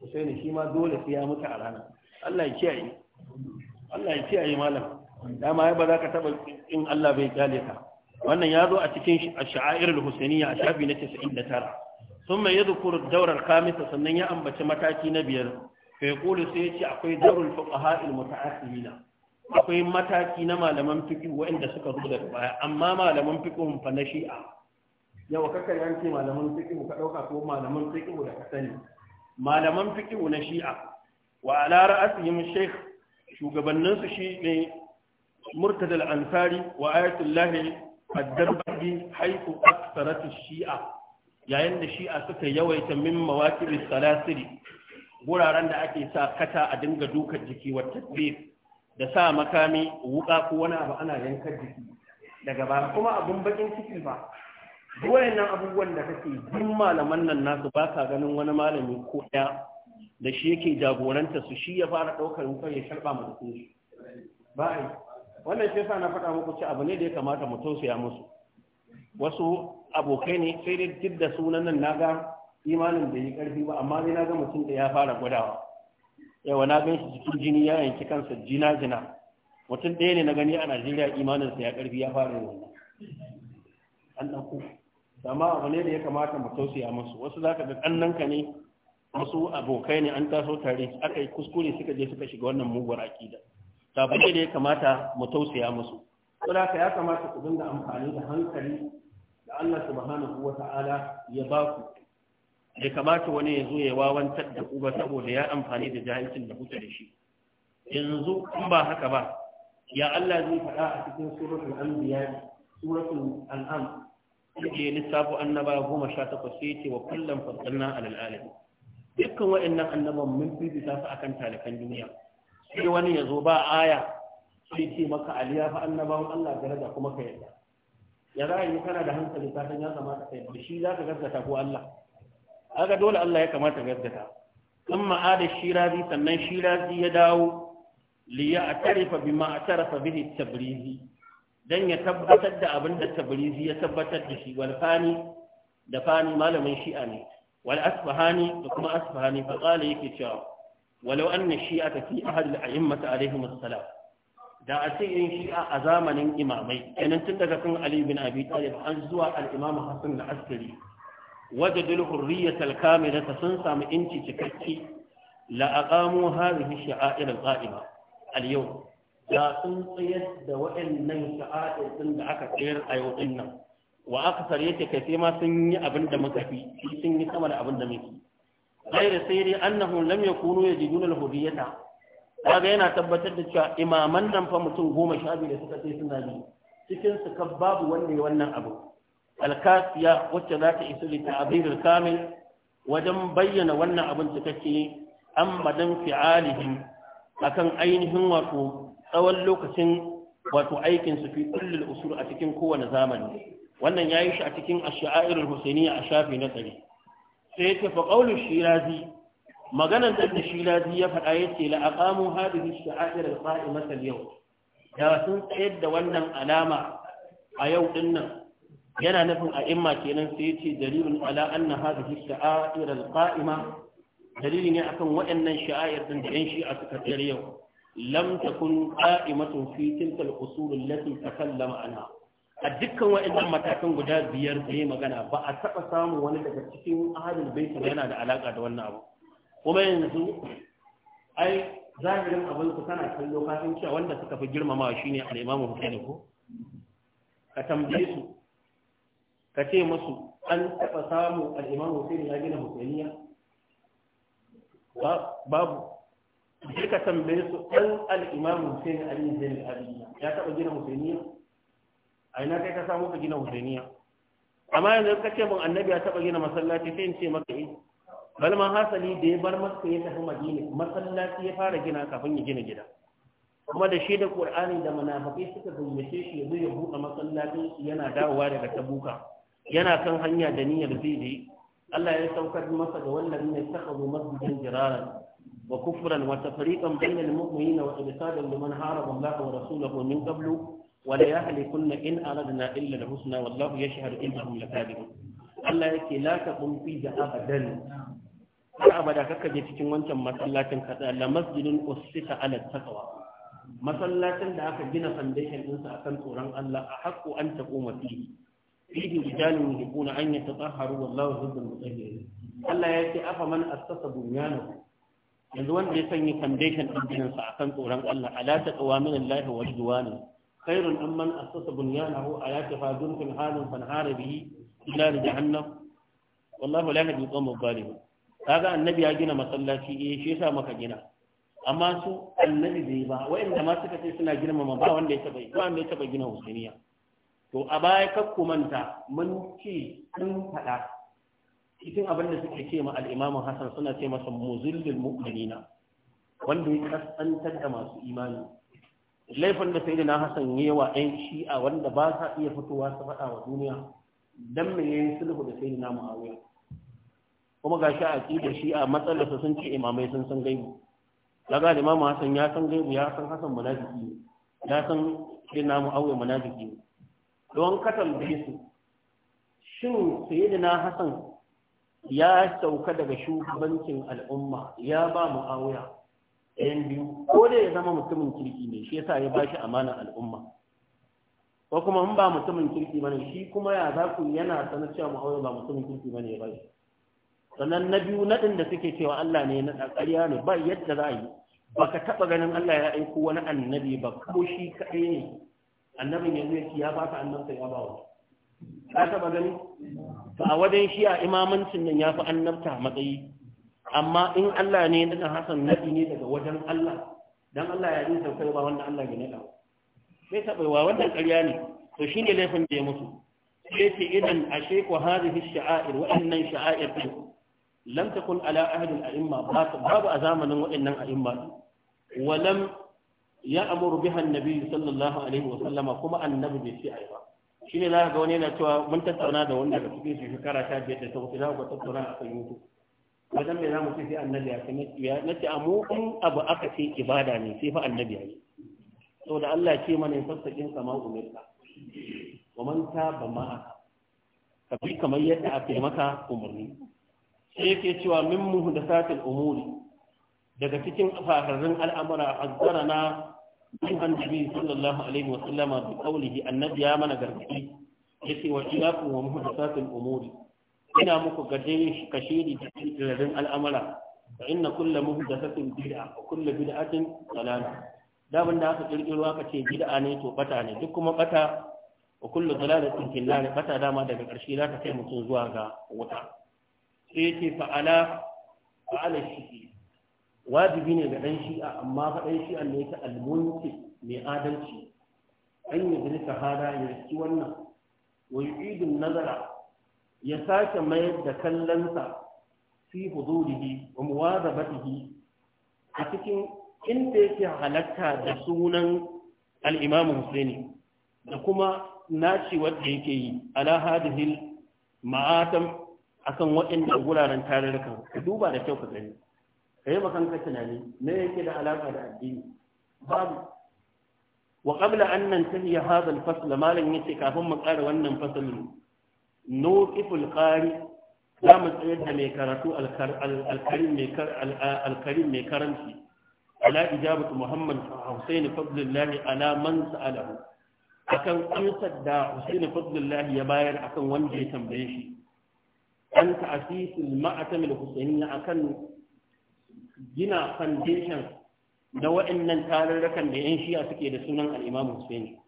Speaker 1: Hussein shi ma dole sai ya mutu a rana Allah ya kiyaye Allah ya kiyaye malam dama ya ba za ka taba in Allah bai kyale ka wannan ya zo a cikin ash-sha'air al-husainiyya a shafi na 99 thumma mai ad-dawr al-khamisa sannan ya ambaci mataki na biyar fa yaqulu sai yace akwai dawrul fuqaha al-muta'assibina akwai mataki na malaman fiqh waɗanda suka zo daga baya amma malaman fiqh fa na shi'a yawa kakar yanke malaman fiqhu ka dauka ko malaman fiqhu da ka sani malaman fiqhu na shi'a wa ala ra'asihim shaykh shugabannin su shi ne murtad al-ansari wa ayatullah ad-darbari haythu aktharat shia yayin da shi'a suka yawaita min mawaqib salasiri wuraren da ake sa kata a dinga dukar jiki wa tasbih da sa makami wuka ko wani abu ana yankar jiki daga ba kuma abun bakin ciki ba wayannan abubuwan da kake duk malaman nan nasu ba ka ganin wani malami ko ɗaya da shi yake jagoranta su shi ya fara ɗaukar wutar ya sharɓa mu cikin shi ba wannan shi yasa na faɗa muku ci abu ne da ya kamata mu tausaya musu wasu abokai ne sai dai duk da sunan nan ga imanin bai yi ƙarfi ba amma dai ga mutum da ya fara gwadawa yawa na gan shi cikin jini ya yanki kansa jina jina mutum ɗaya ne na gani a Najeriya imaninsa ya ƙarfi ya fara yi wannan an ɗauko amma abu ne da ya kamata mu tausaya musu wasu zaka ga ɗannanka ne wasu abokai ne an taso tare aka yi kuskure suka je suka shiga wannan muguwar akida ta bace da ya kamata mu tausaya musu saboda ya kamata ku dinga amfani da hankali da Allah subhanahu wata'ala ya ba ku da kamata wani ya zo ya wawantar da ku ba saboda ya amfani da jahilcin da kuka da shi yanzu in ba haka ba ya Allah zai faɗa a cikin suratul anbiya suratul an'am yake lissafo annaba goma sha takwas sai ce wa kullum fasalna alal alamin dukkan wa'annan annaban mun fifita su akan talakan duniya sai wani ya zo ba aya sai ce maka aliya fa annabawan Allah daraja kuma ka yadda. ya za yi kana da hankali ka san ya kamata ka ba shi za ka gaskata ko Allah aga dole Allah ya kamata gaskata amma ada shirazi sannan shirazi ya dawo liya a atarifa bima atarafa bihi tabrizi dan ya tabbatar da abin da tabrizi ya tabbatar da shi wal fani da fani malamin shi'a ne wal asfahani da kuma asfahani fa qala yake cewa walau anna shi'ata fi ahad al a'immah alaihim Salam. da a ce yin shi'a a zamanin imamai kenan tun daga kan ali bin abi talib an zuwa al imam hasan al askari wajadul hurriyat al kamilata sun samu inci cikakke la aqamu hadhihi shi'a'ir al qa'ima al yawm da sun tsayar da waɗannan sha'a'ir sun da aka tsayar a yau ɗin nan wa sare yake kai sai ma sun yi abin da muka fi sun yi sama da abin da muke غير سيري أنهم لم يكونوا يجدون الهدية kaga yana tabbatar da cewa imaman nan fa mutum goma sha biyu da suka ce suna bi cikin su kan babu wanda ya wannan abu alkasiya wacce za ta isa ta ta'abirul kamil wajen bayyana wannan abin cikakke an madan fi'alihim akan ainihin wato tsawon lokacin wato aikin su fi kullul usul a cikin kowane zamani wannan yayi shi a cikin ash-sha'airul husainiyya a shafi na tsari sai yace fa qawlu shirazi maganar da shirazi ya faɗa yace la aqamu hadhihi ash-sha'air al-qa'imah al-yawm da sun tsayar da wannan alama a yau din nan yana nufin a imma kenan sai yace dalilun ala anna hadhihi ash-sha'air al-qa'imah dalili ne akan waɗannan sha'air din da yan shi'a suka tsayar yau lam takun qa'imatun fi tilka al-usul allati takallama anha a dukkan wa'annan matakan guda biyar da yayi magana ba a taba samun wani daga cikin ahlul bait yana da alaka da wannan abu kuma yanzu ai zahirin abin ku kana kallo kafin cewa wanda suka fi girmama shine al-imam Bukhari ko ka tambaye su ka ce musu an taɓa samu al'imam Hussein ya gina Husainiya? Babu, je ka tambaye su ɗan al'imam Hussein Ali ya taɓa gina Husainiya a ina kai ka samu ka gina Husainiya amma yanzu ka ce mun annabi ya taɓa gina masallaci sai ce maka eh bal ma hasali da ya bar maka ya tafi Madina masallaci ya fara gina kafin ya gina gida kuma da shi da Qur'ani da munafikai suka zumbace shi yanzu ya buɗe masallaci yana dawowa daga Tabuka yana kan hanya da niyyar zai je Allah ya saukar masa da wannan ne saka zo masjidin jiraran وكفرا وتفريقا بين المؤمنين وإرسالا لمن هارب الله ورسوله من قبل ولا يهلكن إن أردنا إلا الحسنى والله يشهد إنهم لكاذبون Allah yake la ta kumfi da abadan har abada kaka je cikin wancan masallacin kaza la masjidin usita ala taqwa masallacin da aka gina foundation din sa akan tsoron Allah a haqqu an taquma fihi fihi rijalun yuhibuna an yatatahharu wallahu yuhibbul mutahhirin Allah yake afa man assasa bunyanahu yanzu wanda ya sanya foundation din gidansa akan tsoron Allah ala taqwa min Allah wa ridwan khairun amman asasa bunyanahu ala tafadun fil halin fanhara bihi ila jahannam wallahu la yahdi qawm zalim kaga annabi ya gina masallaci eh shi yasa maka gina amma su annabi bai ba wa'anda ma suka ce suna girmama ba wanda ya taba ba wanda ya taba gina husainiya to a baya manta mun ci sun faɗa cikin abin da suke ce ma al'imamin hassan suna ce masa muzillin mu'minina wanda ya kasantar da masu imani laifin da sai da na hassan yi wa 'yan shi'a wanda ba sa iya fitowa su faɗa wa duniya don mai yayin sulhu da sai da na mu'awiya kuma ga shi a ƙida shi'a matsalarsa sun ce imamai sun san gaibu daga da imamu hassan ya san gaibu ya san hassan munafiki ne ya san sai na mu'awiya munafiki ne don ka da su shin sai da na hassan ya sauka daga shugabancin al'umma ya ba mu'awiya ɗayan biyu ko da ya zama mutumin kirki ne shi yasa ya ba shi amana al'umma ko kuma in ba mutumin kirki bane shi kuma ya za ku yana sanar cewa mu'awiya ba mutumin kirki bane ya bai sannan na biyu naɗin da suke cewa Allah ne na ƙarya ne ba yadda za a yi baka taɓa ganin Allah ya aiko wani annabi ba ko shi kaɗai ne annabin yanzu ya ci ya ba ka annabta ya ba wani ka taba gani to a wajen shi a imamancin nan yafi annabta matsayi amma in Allah ne daga Hassan nabi ne daga wajen Allah dan Allah ya yi saukai ba wanda Allah ya nada sai taba wa wannan ƙarya ne to shine laifin da ya mutu sai ce idan ashe ku hadhihi sha'air wa'annan sha'air din lam takun ala ahadin a'imma babu a zamanin wa'annan a'imma ولم يأمر بها النبي صلى الله عليه وسلم كما النبي بشيء أيضا shi ne za ga wani yana cewa mun tattauna da wanda daga cikin su shekara ta biyar da ta za ku tattauna a kan yutu wajen mai za mu ce sai annabi ya ce na ce a mugun abu aka ce ibada ne sai fa annabi ya yi saboda Allah ce mana yin sassaƙin sama umarka wa man ba ma'a ka bi kamar yadda a yi maka umarni sai yake cewa min satin umuri daga cikin fakarrin al'amura na. bin annabi sallallahu alaihi wa sallama bi qawlihi annabi ya mana gargadi yace wa ilakum wa muhdathatil umuri ina muku gaje kashiri da tilarin al'amara fa inna kullu muhdathatin bid'a wa kullu bid'atin dalala daban da aka kirkiro aka ce bid'a ne to bata ne duk kuma bata wa kullu dalalatin fil nar bata dama daga ƙarshe za ta kai mutum zuwa ga wuta sai ce fa'ala fa'ala shi wajibi ne ga ɗan shi'a amma fa ɗan shi'a ne ta almunci mai adalci an yi zirka hada ya riski wannan wa yu'idun nazara ya sake mayar da kallonsa fi hudurihi wa muwazabatihi a cikin inda yake halatta da sunan al-Imam Husaini da kuma naci wanda yake yi ala hadihil ma'atam akan waɗannan guraren tarurrukan duba da kyau ka gani ka yi makanka tunani me yake da alaƙa da addini babu wa qabla an nantahi hadha al-fasl malan yace kafin mu ƙara wannan fasalin nuqiful qari za mu tsayar da mai karatu al-karim mai karanci ala ijabatu muhammad husaini fadlillah ala man sa'alahu akan amsar da husaini fadlillah ya bayar akan wanda ya tambaye shi an ta'sisul ma'atamil husaini akan gina foundation na waɗannan tarurrukan da yan shi'a suke da sunan al-Imam Husaini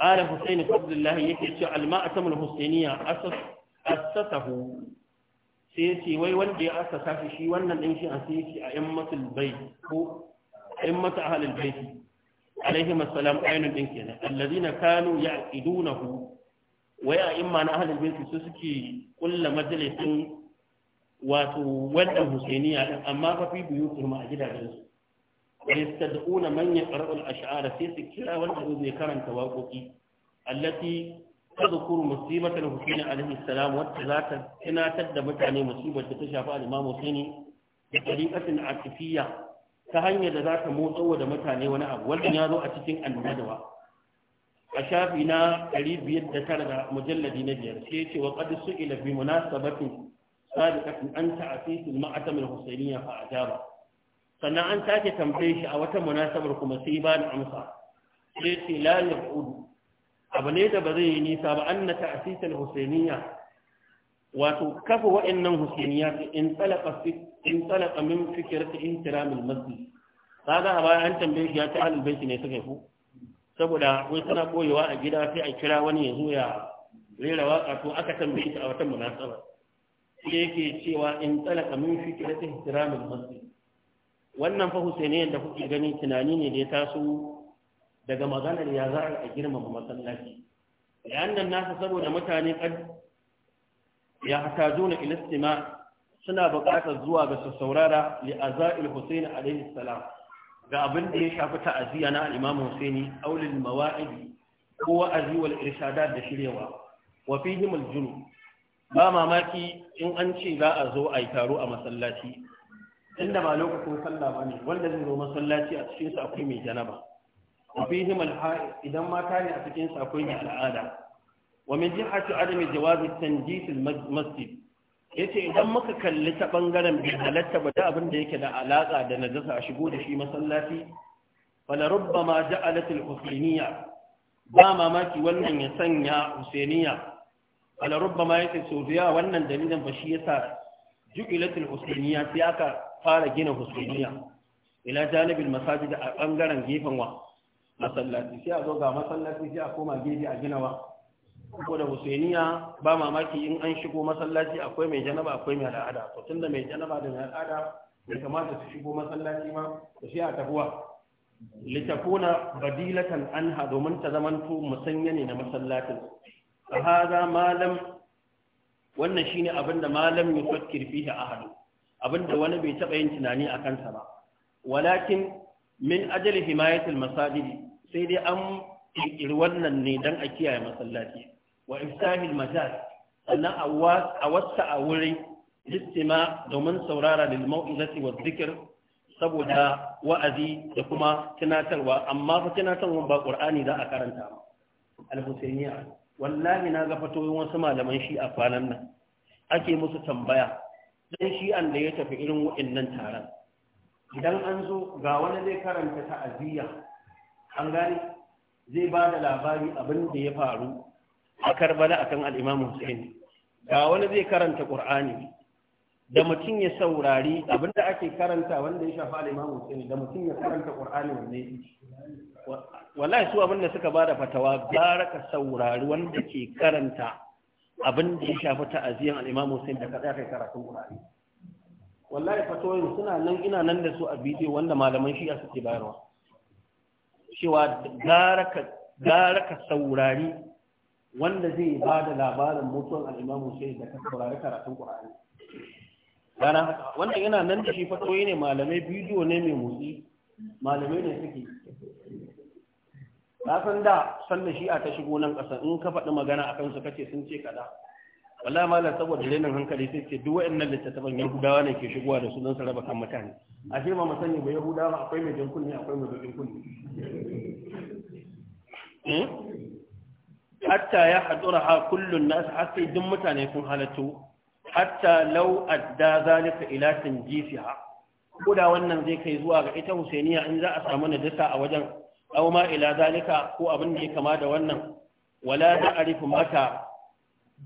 Speaker 1: قال حسين فضل الله yake cewa al-ma'atam al-husainiyya asas asasahu sai yace wai wanda ya asasa shi shi wannan din shi an sai yace a ummatul bayt ko ummatu ahlul bayt alaihim assalam ainun din kenan alladhina kanu yaqidunahu wa ya imma na halin bai su suke kullu majalisin wato waldan husainiya din amma fa fi biyu kurma a gidajen su yastad'una man yaqra'u al-ash'ara sai su kira wanda zai karanta waƙoƙi allati tadhkuru musibat al-husaini alaihi salam wacce za ta tunatar da mutane musibar da ta shafi al-imam husaini da tariqatin atifiyya ta hanyar da za ta motsawa da mutane wani abu wannan ya zo a cikin annadawa a shafi na 509 da mujalladi na biyar sai ce wa qad su'ila bi munasabatin sadiqatun an ta'asisul ma'atam al-husainiyya fa ajaba sannan an take tambaye shi a wata munasabar kuma sai ba da amsa sai ce la yaqud abu ne da ba zai yi nisa ba anna ta'asisul husainiyya wato kafa wa'annan husainiyya in talaqa in talaqa min fikrati ihtiram a baya an tambaye shi ya ci ahlul baiti ne suka ku saboda wai suna boyewa a gida sai a kira wani ya zo ya rera waka to aka tambaye shi a wata munasaba da yake cewa in shi min ta ihtiramil masjid wannan fa Husainiyan da kuke gani tunani ne da ya taso daga maganar ya za a girmama masallaci yayin nasa saboda mutane kad ya hatajuna ila istima suna buƙatar zuwa ga su saurara li azail Husain alaihi salam ga abin da ya shafi ta'aziyya na al-Imam Husaini aulil mawa'id ko wa'azi irshadat da shiryawa wa fihim al-junub ba mamaki in an ce za a zo a yi taro a masallaci inda ba lokacin sallah ba ne wanda zai zo masallaci a cikin sa akwai mai janaba wa fihim al idan mata ne a cikin sa akwai mai al'ada wa min jihati adami jawazi tanjis masjid yace idan muka kalli ta bangaren bi halatta ba da abin da yake da alaka da najasa a shigo da shi masallaci fala rubbama ja'alat al-husainiyya ba mamaki wannan ya sanya husainiyya ala rubbama yake sau da yawa wannan dalilin ba shi ya yasa ju'ilatul husainiya sai aka fara gina husainiya ila janibil masajid a bangaren gefen wa masallaci sai a zo ga masallaci sai a koma gefe a gina wa ko da husainiya ba mamaki in an shigo masallaci akwai mai janaba akwai mai al'ada to tunda mai janaba da mai al'ada ya kamata su shigo masallaci ma to sai a tafuwa litakuna badilatan anha domin ta zamanto musanya ne na masallacin fa malam wannan shine abinda malam yufakkir fihi ahadu abinda wani bai taba yin tunani akan sa ba walakin min ajali himayatil mas'alili, sai dai an kirkiri wannan ne dan a kiyaye masallaci wa iftahil majal sannan a wasa a wurin listima domin saurara lil mau'izati wa dhikr saboda wa'azi da kuma tunatarwa amma fa tunatarwa ba qur'ani za a karanta al-husainiya wallahi na ga fatoyin wasu malaman shi a kwanan nan ake musu tambaya dan shi an da ya tafi irin waɗannan taron idan an zo ga wani zai karanta ta'aziyya an gane zai ba da labari abin da ya faru a karbala akan al'imamu Hussein ga wani zai karanta Qur'ani da mutum ya saurari abin da ake karanta wanda ya shafa al'imamu Hussein da mutum ya karanta Qur'ani wanne wallahi su abin da suka bada fatawa gara ka saurari wanda ke karanta abin da ya shafi ta'aziyan al-Imam Hussein da kaɗa kai karatun wurare wallahi fatawoyin suna nan ina nan da su a bidiyo wanda malaman shi'a suke bayarwa cewa gara ka saurari wanda zai ba da labarin mutuwar al'imamu sai da ka saurari karatun wurare gana wannan yana nan da shi fatoyi ne malamai bidiyo ne mai motsi malamai ne suke na san da sannan shi'a ta shigo nan ƙasa in ka faɗi magana a kansu kace sun ce kaza wallahi malam saboda renin hankali sai ce duk wayannan littattafan yahudawa ne ke shigowa da su don su raba kan mutane ashe ba mu sani ba yahudawa akwai mai jinkun ne akwai mai bakin kunni eh? hatta ya hadura ha kullun nas har haske duk mutane sun halatu hatta law adda zalika ila tanjisiha ko da wannan zai kai zuwa ga ita husainiya in za a samu najasa a wajen aw ma ila zalika ko abin da ya kama da wannan wala na'rifu mata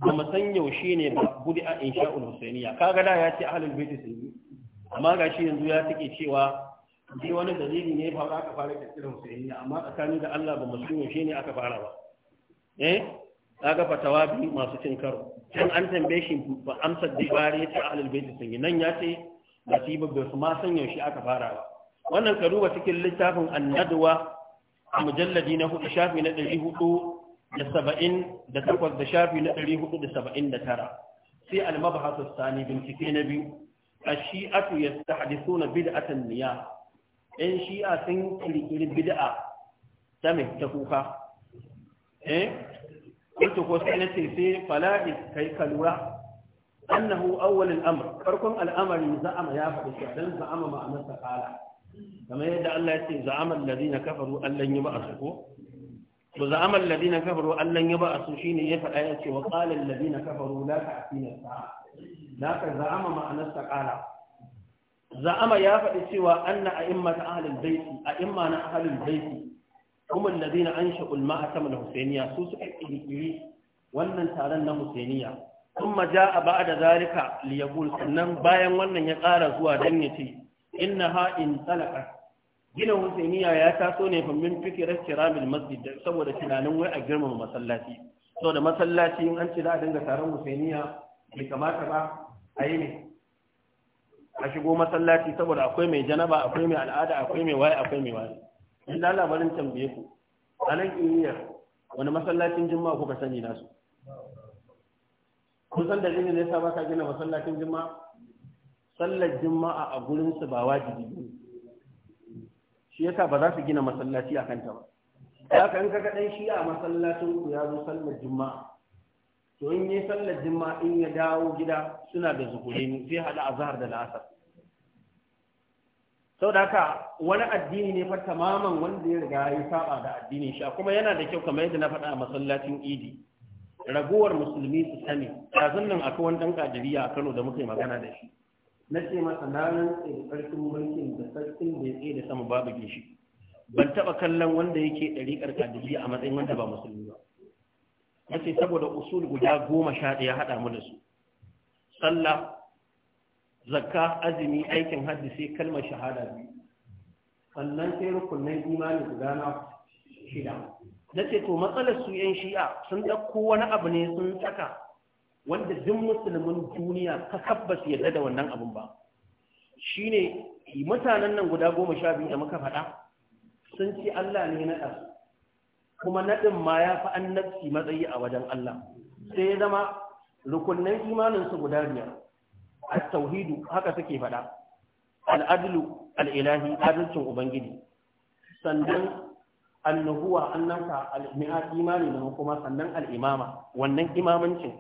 Speaker 1: ba mu san ne ba budi a insha'ul husainiya kaga da ya ce ahlul bait sun amma gashi yanzu ya take cewa sai wani dalili ne fa aka fara kirkirar husainiya amma tsakani da Allah ba mu san yaushe ne aka fara ba eh kaga fatawa bi masu cin karo dan an tambaye shi ba amsa da bare ta ahlul nan ya ce ba ba su ma aka fara ba wannan ka duba cikin littafin annadwa a mujalladi na hudu shafi na ɗari hudu da saba'in da takwas da shafi na ɗari hudu da saba'in da tara sai almabahatu sani bincike na biyu a shi'atu ya tahadisu na bid'atan niya yan shi'a sun kirkiri bid'a ta mai ta kuka eh wato ko sai na ce sai fala'i kai kalura annahu awwal al-amr farkon al'amari za'ama ya faɗi dan za'ama ma'anar sa kala. kamar yadda Allah ya ce za'amal ladina kafaru allan yub'asu ko to za'amal ladina kafaru allan su shine ya faɗa ya ce wa qala alladina kafaru la ta'tina sa'a laka za'ama ma'anar ta qala za'ama ya faɗi cewa anna a'immat ahlul baiti a'imma na Kuma ahlul baiti هم الذين أنشأوا المعتم الحسينية سوسك الإنجلي wannan taron na Husainiya kuma ja a ba'da zalika li yaqul sannan bayan wannan ya ƙara zuwa dan ya yace ha in talaka gina husainiya ya taso ne fa min fikirar kiramil masjid saboda tunanin wai a girmama masallaci saboda masallaci in an ci za a dinga taron husainiya bai kamata ba a yi ne a shigo masallaci saboda akwai mai janaba akwai mai al'ada akwai mai waye akwai mai waye in da labarin tambaye ku a nan kimiyyar wani masallacin jimma kuka sani nasu kun san da ne ne sa ba ka gina masallacin jimma sallar juma'a a gurinsu ba wajibi ne shi yasa ba za su gina masallaci a kanta ba Ya kan ka dan shi a masallacin ku ya zo sallar juma'a to in yi sallar juma'a in ya dawo gida suna da zuhuri ne sai hada azhar da la'asar da haka wani addini ne fa tamaman wanda ya riga ya saba da addinin shi kuma yana da kyau kamar yadda na faɗa a masallacin idi raguwar musulmi su sani ya nan akwai wani ɗan kadiriya a Kano da muka magana da shi na ce masa na rantse da mulkin da sarkin da ya da sama babu gishi ban taba kallon wanda yake ɗari kadiri a matsayin wanda ba musulmi ba na ce saboda usul guda goma sha ɗaya haɗa mu da su sallah zakka azumi aikin hajji sai kalmar shahada biyu sannan sai rukunin imani guda na shida na ce to matsalar su yan shi'a sun ɗauko wani abu ne sun saka wanda duk musulmin duniya ka tabbas yarda da wannan abun ba shine mutanen nan guda goma sha biyu da muka faɗa sun ci Allah ne naɗa kuma naɗin ma ya fi annabci matsayi a wajen Allah sai ya zama rukunnan imaninsu guda biyar at-tauhidu haka suke faɗa al-adlu al-ilahi adalcin ubangiji sannan Annuhuwa, annanka al-mi'at imani da kuma sannan al-imama wannan imamancin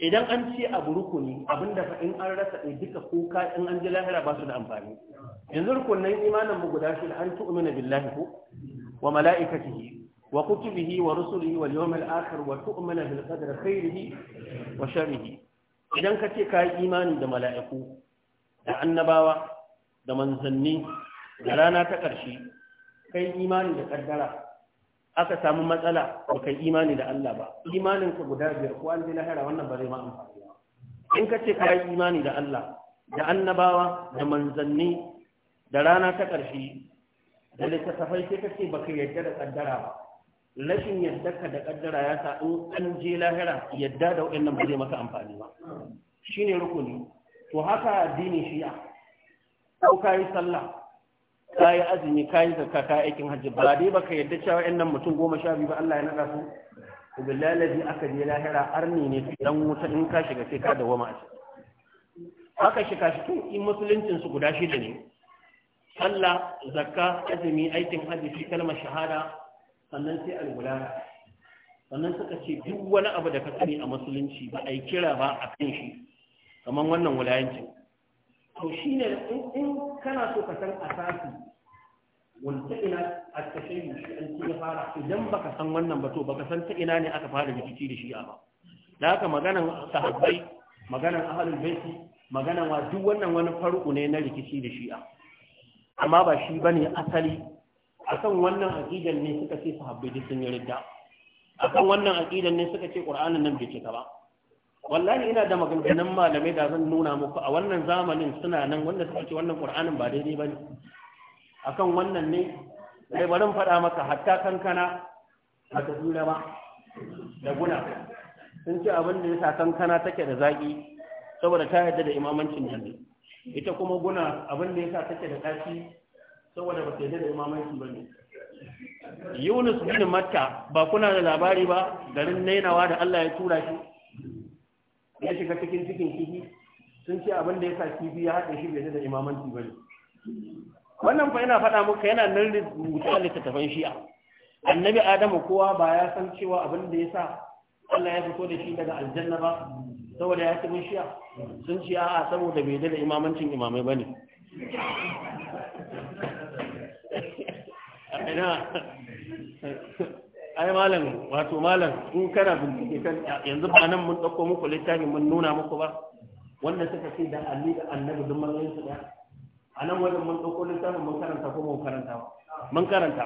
Speaker 1: idan an ce abu rukuni abinda fa in an rasa ɗai duka kuka in an ji lahira ba su da amfani yanzu rukunin imanin mu guda shi an tu'mina billahi ko wa mala'ikatihi wa kutubihi wa rusulihi wal yawmil akhir wa tu'mina bil qadri khairihi wa sharrihi idan ka ce ka yi imani da mala'iku da annabawa da manzanni da rana ta ƙarshe kai imani da kaddara aka samu matsala ba kai imani da Allah ba imanin ka guda biyar ko an je lahira wannan ba zai ma amfani ba in ka ce ka yi imani da Allah da annabawa da manzanni da rana ta ƙarshe da littattafai sai ka ce baka yarda da kaddara ba rashin yadda ka da kaddara ya sa in an je lahira yarda da waɗannan ba zai maka amfani ba shine rukuni to haka addinin shi'a ko ka sallah ka yi azumi ka yi zakka ka aikin hajji ba dai baka yadda cewa yan nan mutum goma sha biyu ba Allah ya naɗa su to billahi ladhi aka je lahira arni ne dan wuta in ka shiga sai ka dawama a haka ka shi tun in musuluncin su guda shida ne sallah zakka azumi aikin hajji shi kalmar shahada sannan sai al sannan suka ce duk wani abu da ka sani a musulunci ba a yi kira ba a kan shi kamar wannan wulayancin to shi ne in kana so ka san asasi wanda ina a tashayi shi an ci fara idan baka san wannan ba to baka san ta ina ne aka fara rikici da shi'a ba da haka maganan sahabbai maganan ahlul baiti maganan wa duk wannan wani farko ne na rikici da shi'a amma ba shi bane asali akan wannan aqidan ne suka ce sahabbai duk sun yi ridda akan wannan aqidan ne suka ce qur'anin nan bai ce ka ba wallahi ina da maganganun malamai da zan nuna muku a wannan zamanin suna nan wanda suka ce wannan qur'anin ba daidai bane akan wannan ne sai bari faɗa maka hatta kankana a tafiya ba da guna sun ce abin da ya sa kankana take da zaki saboda ta yarda da imamancin yanzu. ita kuma guna abin da ya sa take da ɗaci saboda ba ta yarda da imamancin ba ne yunus bin matta ba kuna da labari ba garin nainawa da allah ya tura shi ya shiga cikin cikin kifi sun ce abin da ya sa kifi ya haɗe shi bai da imamanci ba ne wannan fa yana faɗa muka yana nan rubuta a littattafan shi'a annabi adamu kowa ba ya san cewa abin da ya sa Allah ya fito da shi daga aljanna ba saboda ya ci shi'a sun ce a'a saboda bai da imamancin imamai ba ne ai malam wato malam in kana bincike kan yanzu ba nan mun dauko muku littafin mun nuna muku ba Wannan suka ce da Ali da Annabi duk matsayin su da a nan wajen mun dauko littafin mun karanta ko mun karanta mun karanta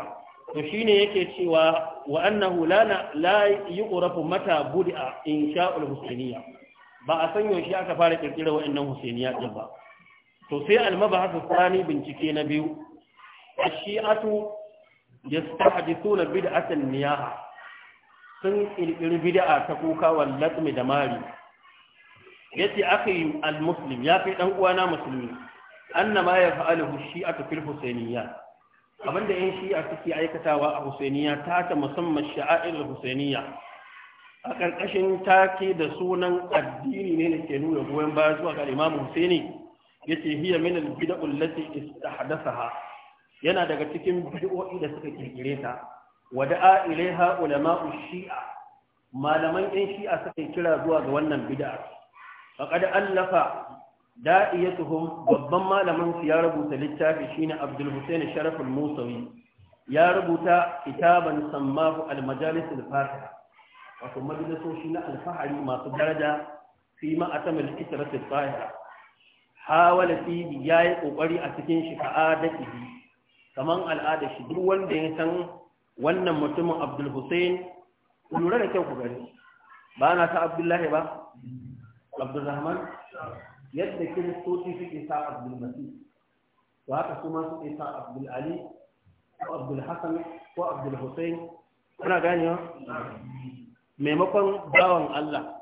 Speaker 1: to shine yake cewa wa annahu la la yuqrafu mata bud'a insha'ul husayniya ba a san yaushe aka fara kirkira wa'annan husayniya din ba to sai al-mabahatu bincike na biyu الشيعة yastahdithuna bid'atan niyaha sun kirkiri bid'a ta kuka wal latmi da mari yace akai al muslim ya kai dan uwana musulmi annama ya fa'aluhu shi'atu fil husainiyya abinda yan shi'a suke aikatawa a husainiyya ta ta musamman sha'air al husainiyya a karkashin take da sunan addini ne da ke nuna goyon baya zuwa ga imamu Husaini yace hiya min al bid'a allati istahdathaha yana daga cikin bid'o'i da suka kirkire ta wada'a ilaiha ulama'u shi'a malaman yan shi'a suka kira zuwa ga wannan bid'a faqad allafa da'iyatuhum babban malamin su ya rubuta littafi shine Abdul Hussein Sharaf al-Musawi ya rubuta kitaban sammahu al-majalis al-fatiha wato majalisoshi na alfahari masu daraja fi ma'atamil israt al-tahira hawala fi yayi kokari a cikin shi ka'adatihi kaman al'ada shi duk wanda ya san wannan mutumin Abdul Hussein lura da kyau ku gani ba na ta Abdullahi ba Abdul Rahman yadda kiristoci suke sa Abdul Masih to haka kuma suke sa Abdul Ali ko Abdul Hassan ko Abdul Hussein kuna ganewa maimakon bawan Allah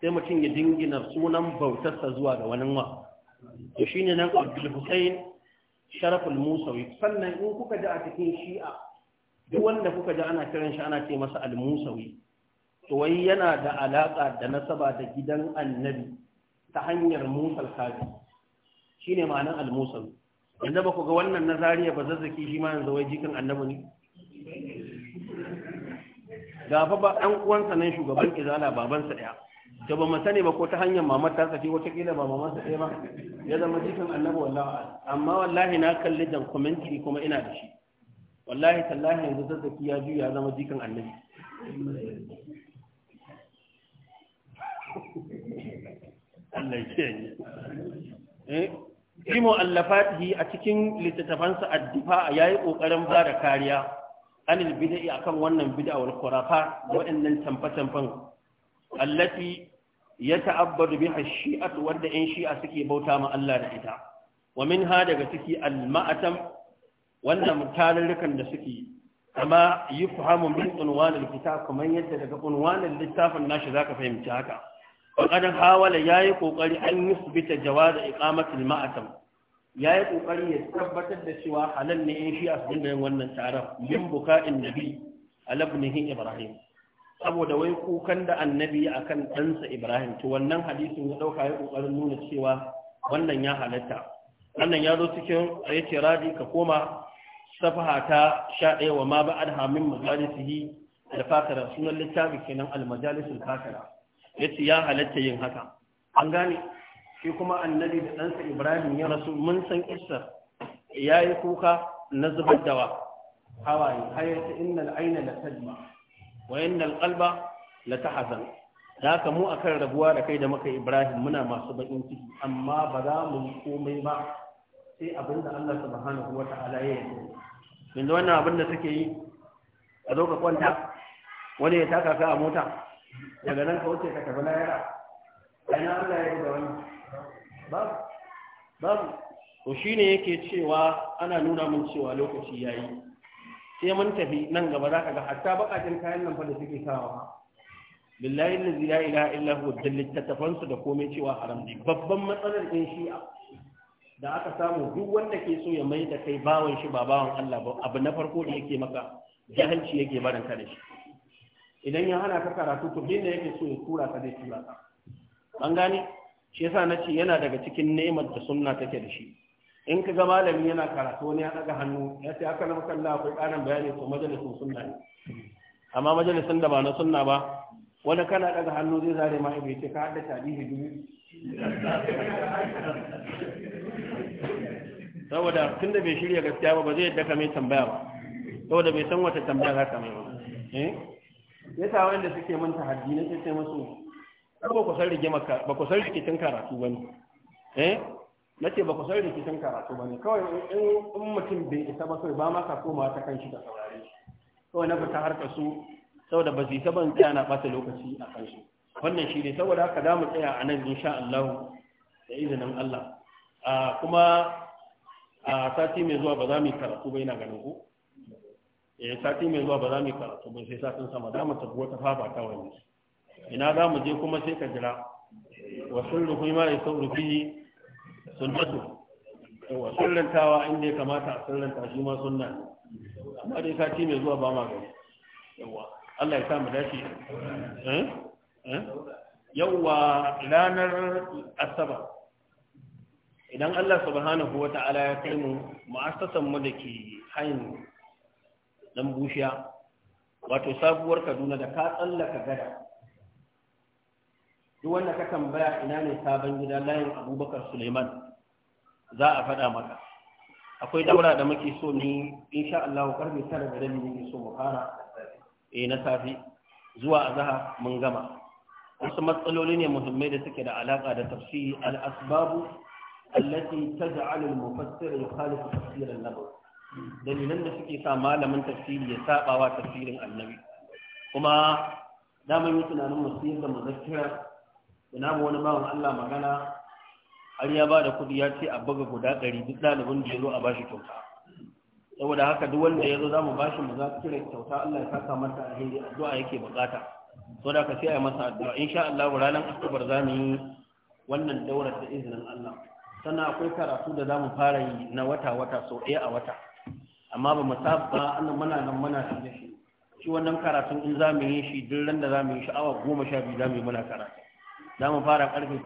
Speaker 1: sai mutum ya dingina sunan bautarsa zuwa ga wani wa to shine nan Abdul Hussein sharaful musawi sannan in kuka ji a cikin shi'a duk wanda kuka ji ana kiran shi ana ce masa al-musawi to wai yana da alaka da nasaba da gidan annabi ta hanyar musal kafi shine ma'anar al-musawi yanzu ba ku ga wannan nazariya zariya ba zazzaki shi ma yanzu wai jikin annabi ne gafa ba ɗan uwansa nan shugaban izala babansa ɗaya to ba mu sani ba ko ta hanyar mamar ta sake wata kila ba mamar sa ba ya zama jikin annabi wallahi amma wallahi na kalli dan commentary kuma ina da shi wallahi tallahi yanzu zazzaki ya ya zama jikin annabi Allah ya yi eh Imo allafatihi a cikin littattafansa addifa yayi kokarin ba da kariya anil bid'a akan wannan bid'a wal khurafa waɗannan tamfa-tamfan allati ya ta'abbadu biha shi'at wanda ƴan shi'a suke bauta ma Allah da ita wa minha daga ciki al-ma'atam wannan tarurrukan da suke kama yufhamu min unwanil kitab kamar yadda daga unwanin littafin nashi zaka fahimci haka ƙoƙarin hawala ya yi ƙoƙari an yi subita jawa da iƙamatul ma'atam ya yi ƙoƙari ya tabbatar da cewa halal ne in shi a su dinga yin wannan taron yin buka'in nabi alabnihin ibrahim saboda wai kukan da annabi a kan ɗansa Ibrahim to wannan hadisin ya ɗauka ya ƙoƙarin nuna cewa wannan ya halatta wannan ya zo cikin yace radi ka koma safaha ta sha ɗaya wa ma ba'ad hamin majalisihi al sunan littafin kenan al fatara. yace ya halatta yin haka an gane shi kuma annabi da ɗansa Ibrahim ya rasu mun san Ya yi kuka na zubar dawa hawaye hayata innal aina da tajma wa innal qalba ta tahzan da haka mu akan rabuwa da kai da maka Ibrahim muna masu baƙin ciki amma ba za mu yi komai ba sai abin da Allah subhanahu wa ta'ala ya yi yanzu wannan abin da suke yi a zo ka kwanta wani ya taka ka a mota daga nan ka wuce ka tafi layara na Allah ya yi da wani babu babu to shine yake cewa ana nuna min cewa lokaci ya yi. sai mun tafi nan gaba za ka ga hatta baƙaƙen kayan nan fa da suke sawa billahi allazi la ilaha illa huwa da da komai cewa haram ne babban matsalar ɗin shi da aka samu duk wanda ke so ya mai da kai bawan shi ba bawan Allah ba abu na farko da yake maka jahilci yake baranta da shi idan ya hana ka karatu to din da yake so ya tura ka zai tura ka an gane shi yasa ce yana daga cikin nemar da sunna take da shi in ka ga malami yana karatu wani ya daga hannu ya ce aka nama kalla akwai karin bayani ko majalisun sunna ne amma majalisun da ba na sunna ba wani kana daga hannu zai zare ma ibe ce ka hada tarihi dubu saboda tun da bai shirya gaskiya ba ba zai yadda ka mai tambaya ba saboda bai san wata tambaya za ka mai ba eh? ya sa wanda suke manta haddi na sai masu ba ku san rigimar ba ku san rikicin karatu ba ne eh? na ce ba ku sai kitan karatu ba ne kawai in mutum bai isa ba sai ba ma ka koma ta kan shi da saurare shi kawai na fita harka su saboda ba zai ban tsaya na ɓata lokaci a kan shi wannan shi ne saboda haka za mu tsaya a nan insha Allah da izinin Allah kuma a sati mai zuwa ba za mu yi karatu ba ina ganin ku eh sati mai zuwa ba za mu yi karatu ba sai satin sama da mu tabbata ta fafa ta wani ina za mu je kuma sai ka jira wasu rukuni ma ya sauri sunnatu yawa sirrantawa inda ya kamata a sirranta shi ma sunna amma dai sati mai zuwa ba ma gani yawa Allah ya sa mu dace eh? eh? yawa ranar asaba idan Allah subhanahu wata'ala ya kai mu mu'assasan mu da ke hayin dan bushiya wato sabuwar Kaduna da ka tsallaka gada duk wanda ka tambaya ina ne sabon gida layin abubakar suleiman za a faɗa maka akwai daura da muke so ni insha Allah karfe tara da rabi muke so mu fara eh na safi zuwa azhar mun gama wasu matsaloli ne muhimmai da suke da alaka da tafsiri al-asbabu التي تجعل المفسر يخالف تفسير dalilan da suke sa malamin tafsiri ya saba wa tafsirin annabi kuma da mun yi tunanin mu sayar da muzakkira ina ba wani bawan Allah magana har ya ba da kuɗi ya ce a buga guda ɗari duk ɗalibin da ya zo a bashi kyauta saboda haka duk wanda ya zo za mu bashi mu za su kira kyauta Allah ya saka a alheri addu'a yake bukata da ka sai a yi masa addu'a insha Allah ranar asabar za mu yi wannan daurar da izinin Allah sannan akwai karatu da za mu fara yi na wata wata sau ɗaya a wata amma ba mu saba annan muna nan muna shi da shi shi wannan karatun in za mu yi shi duk randa da za mu yi shi goma sha biyu za mu yi muna karatu za mu fara ƙarfe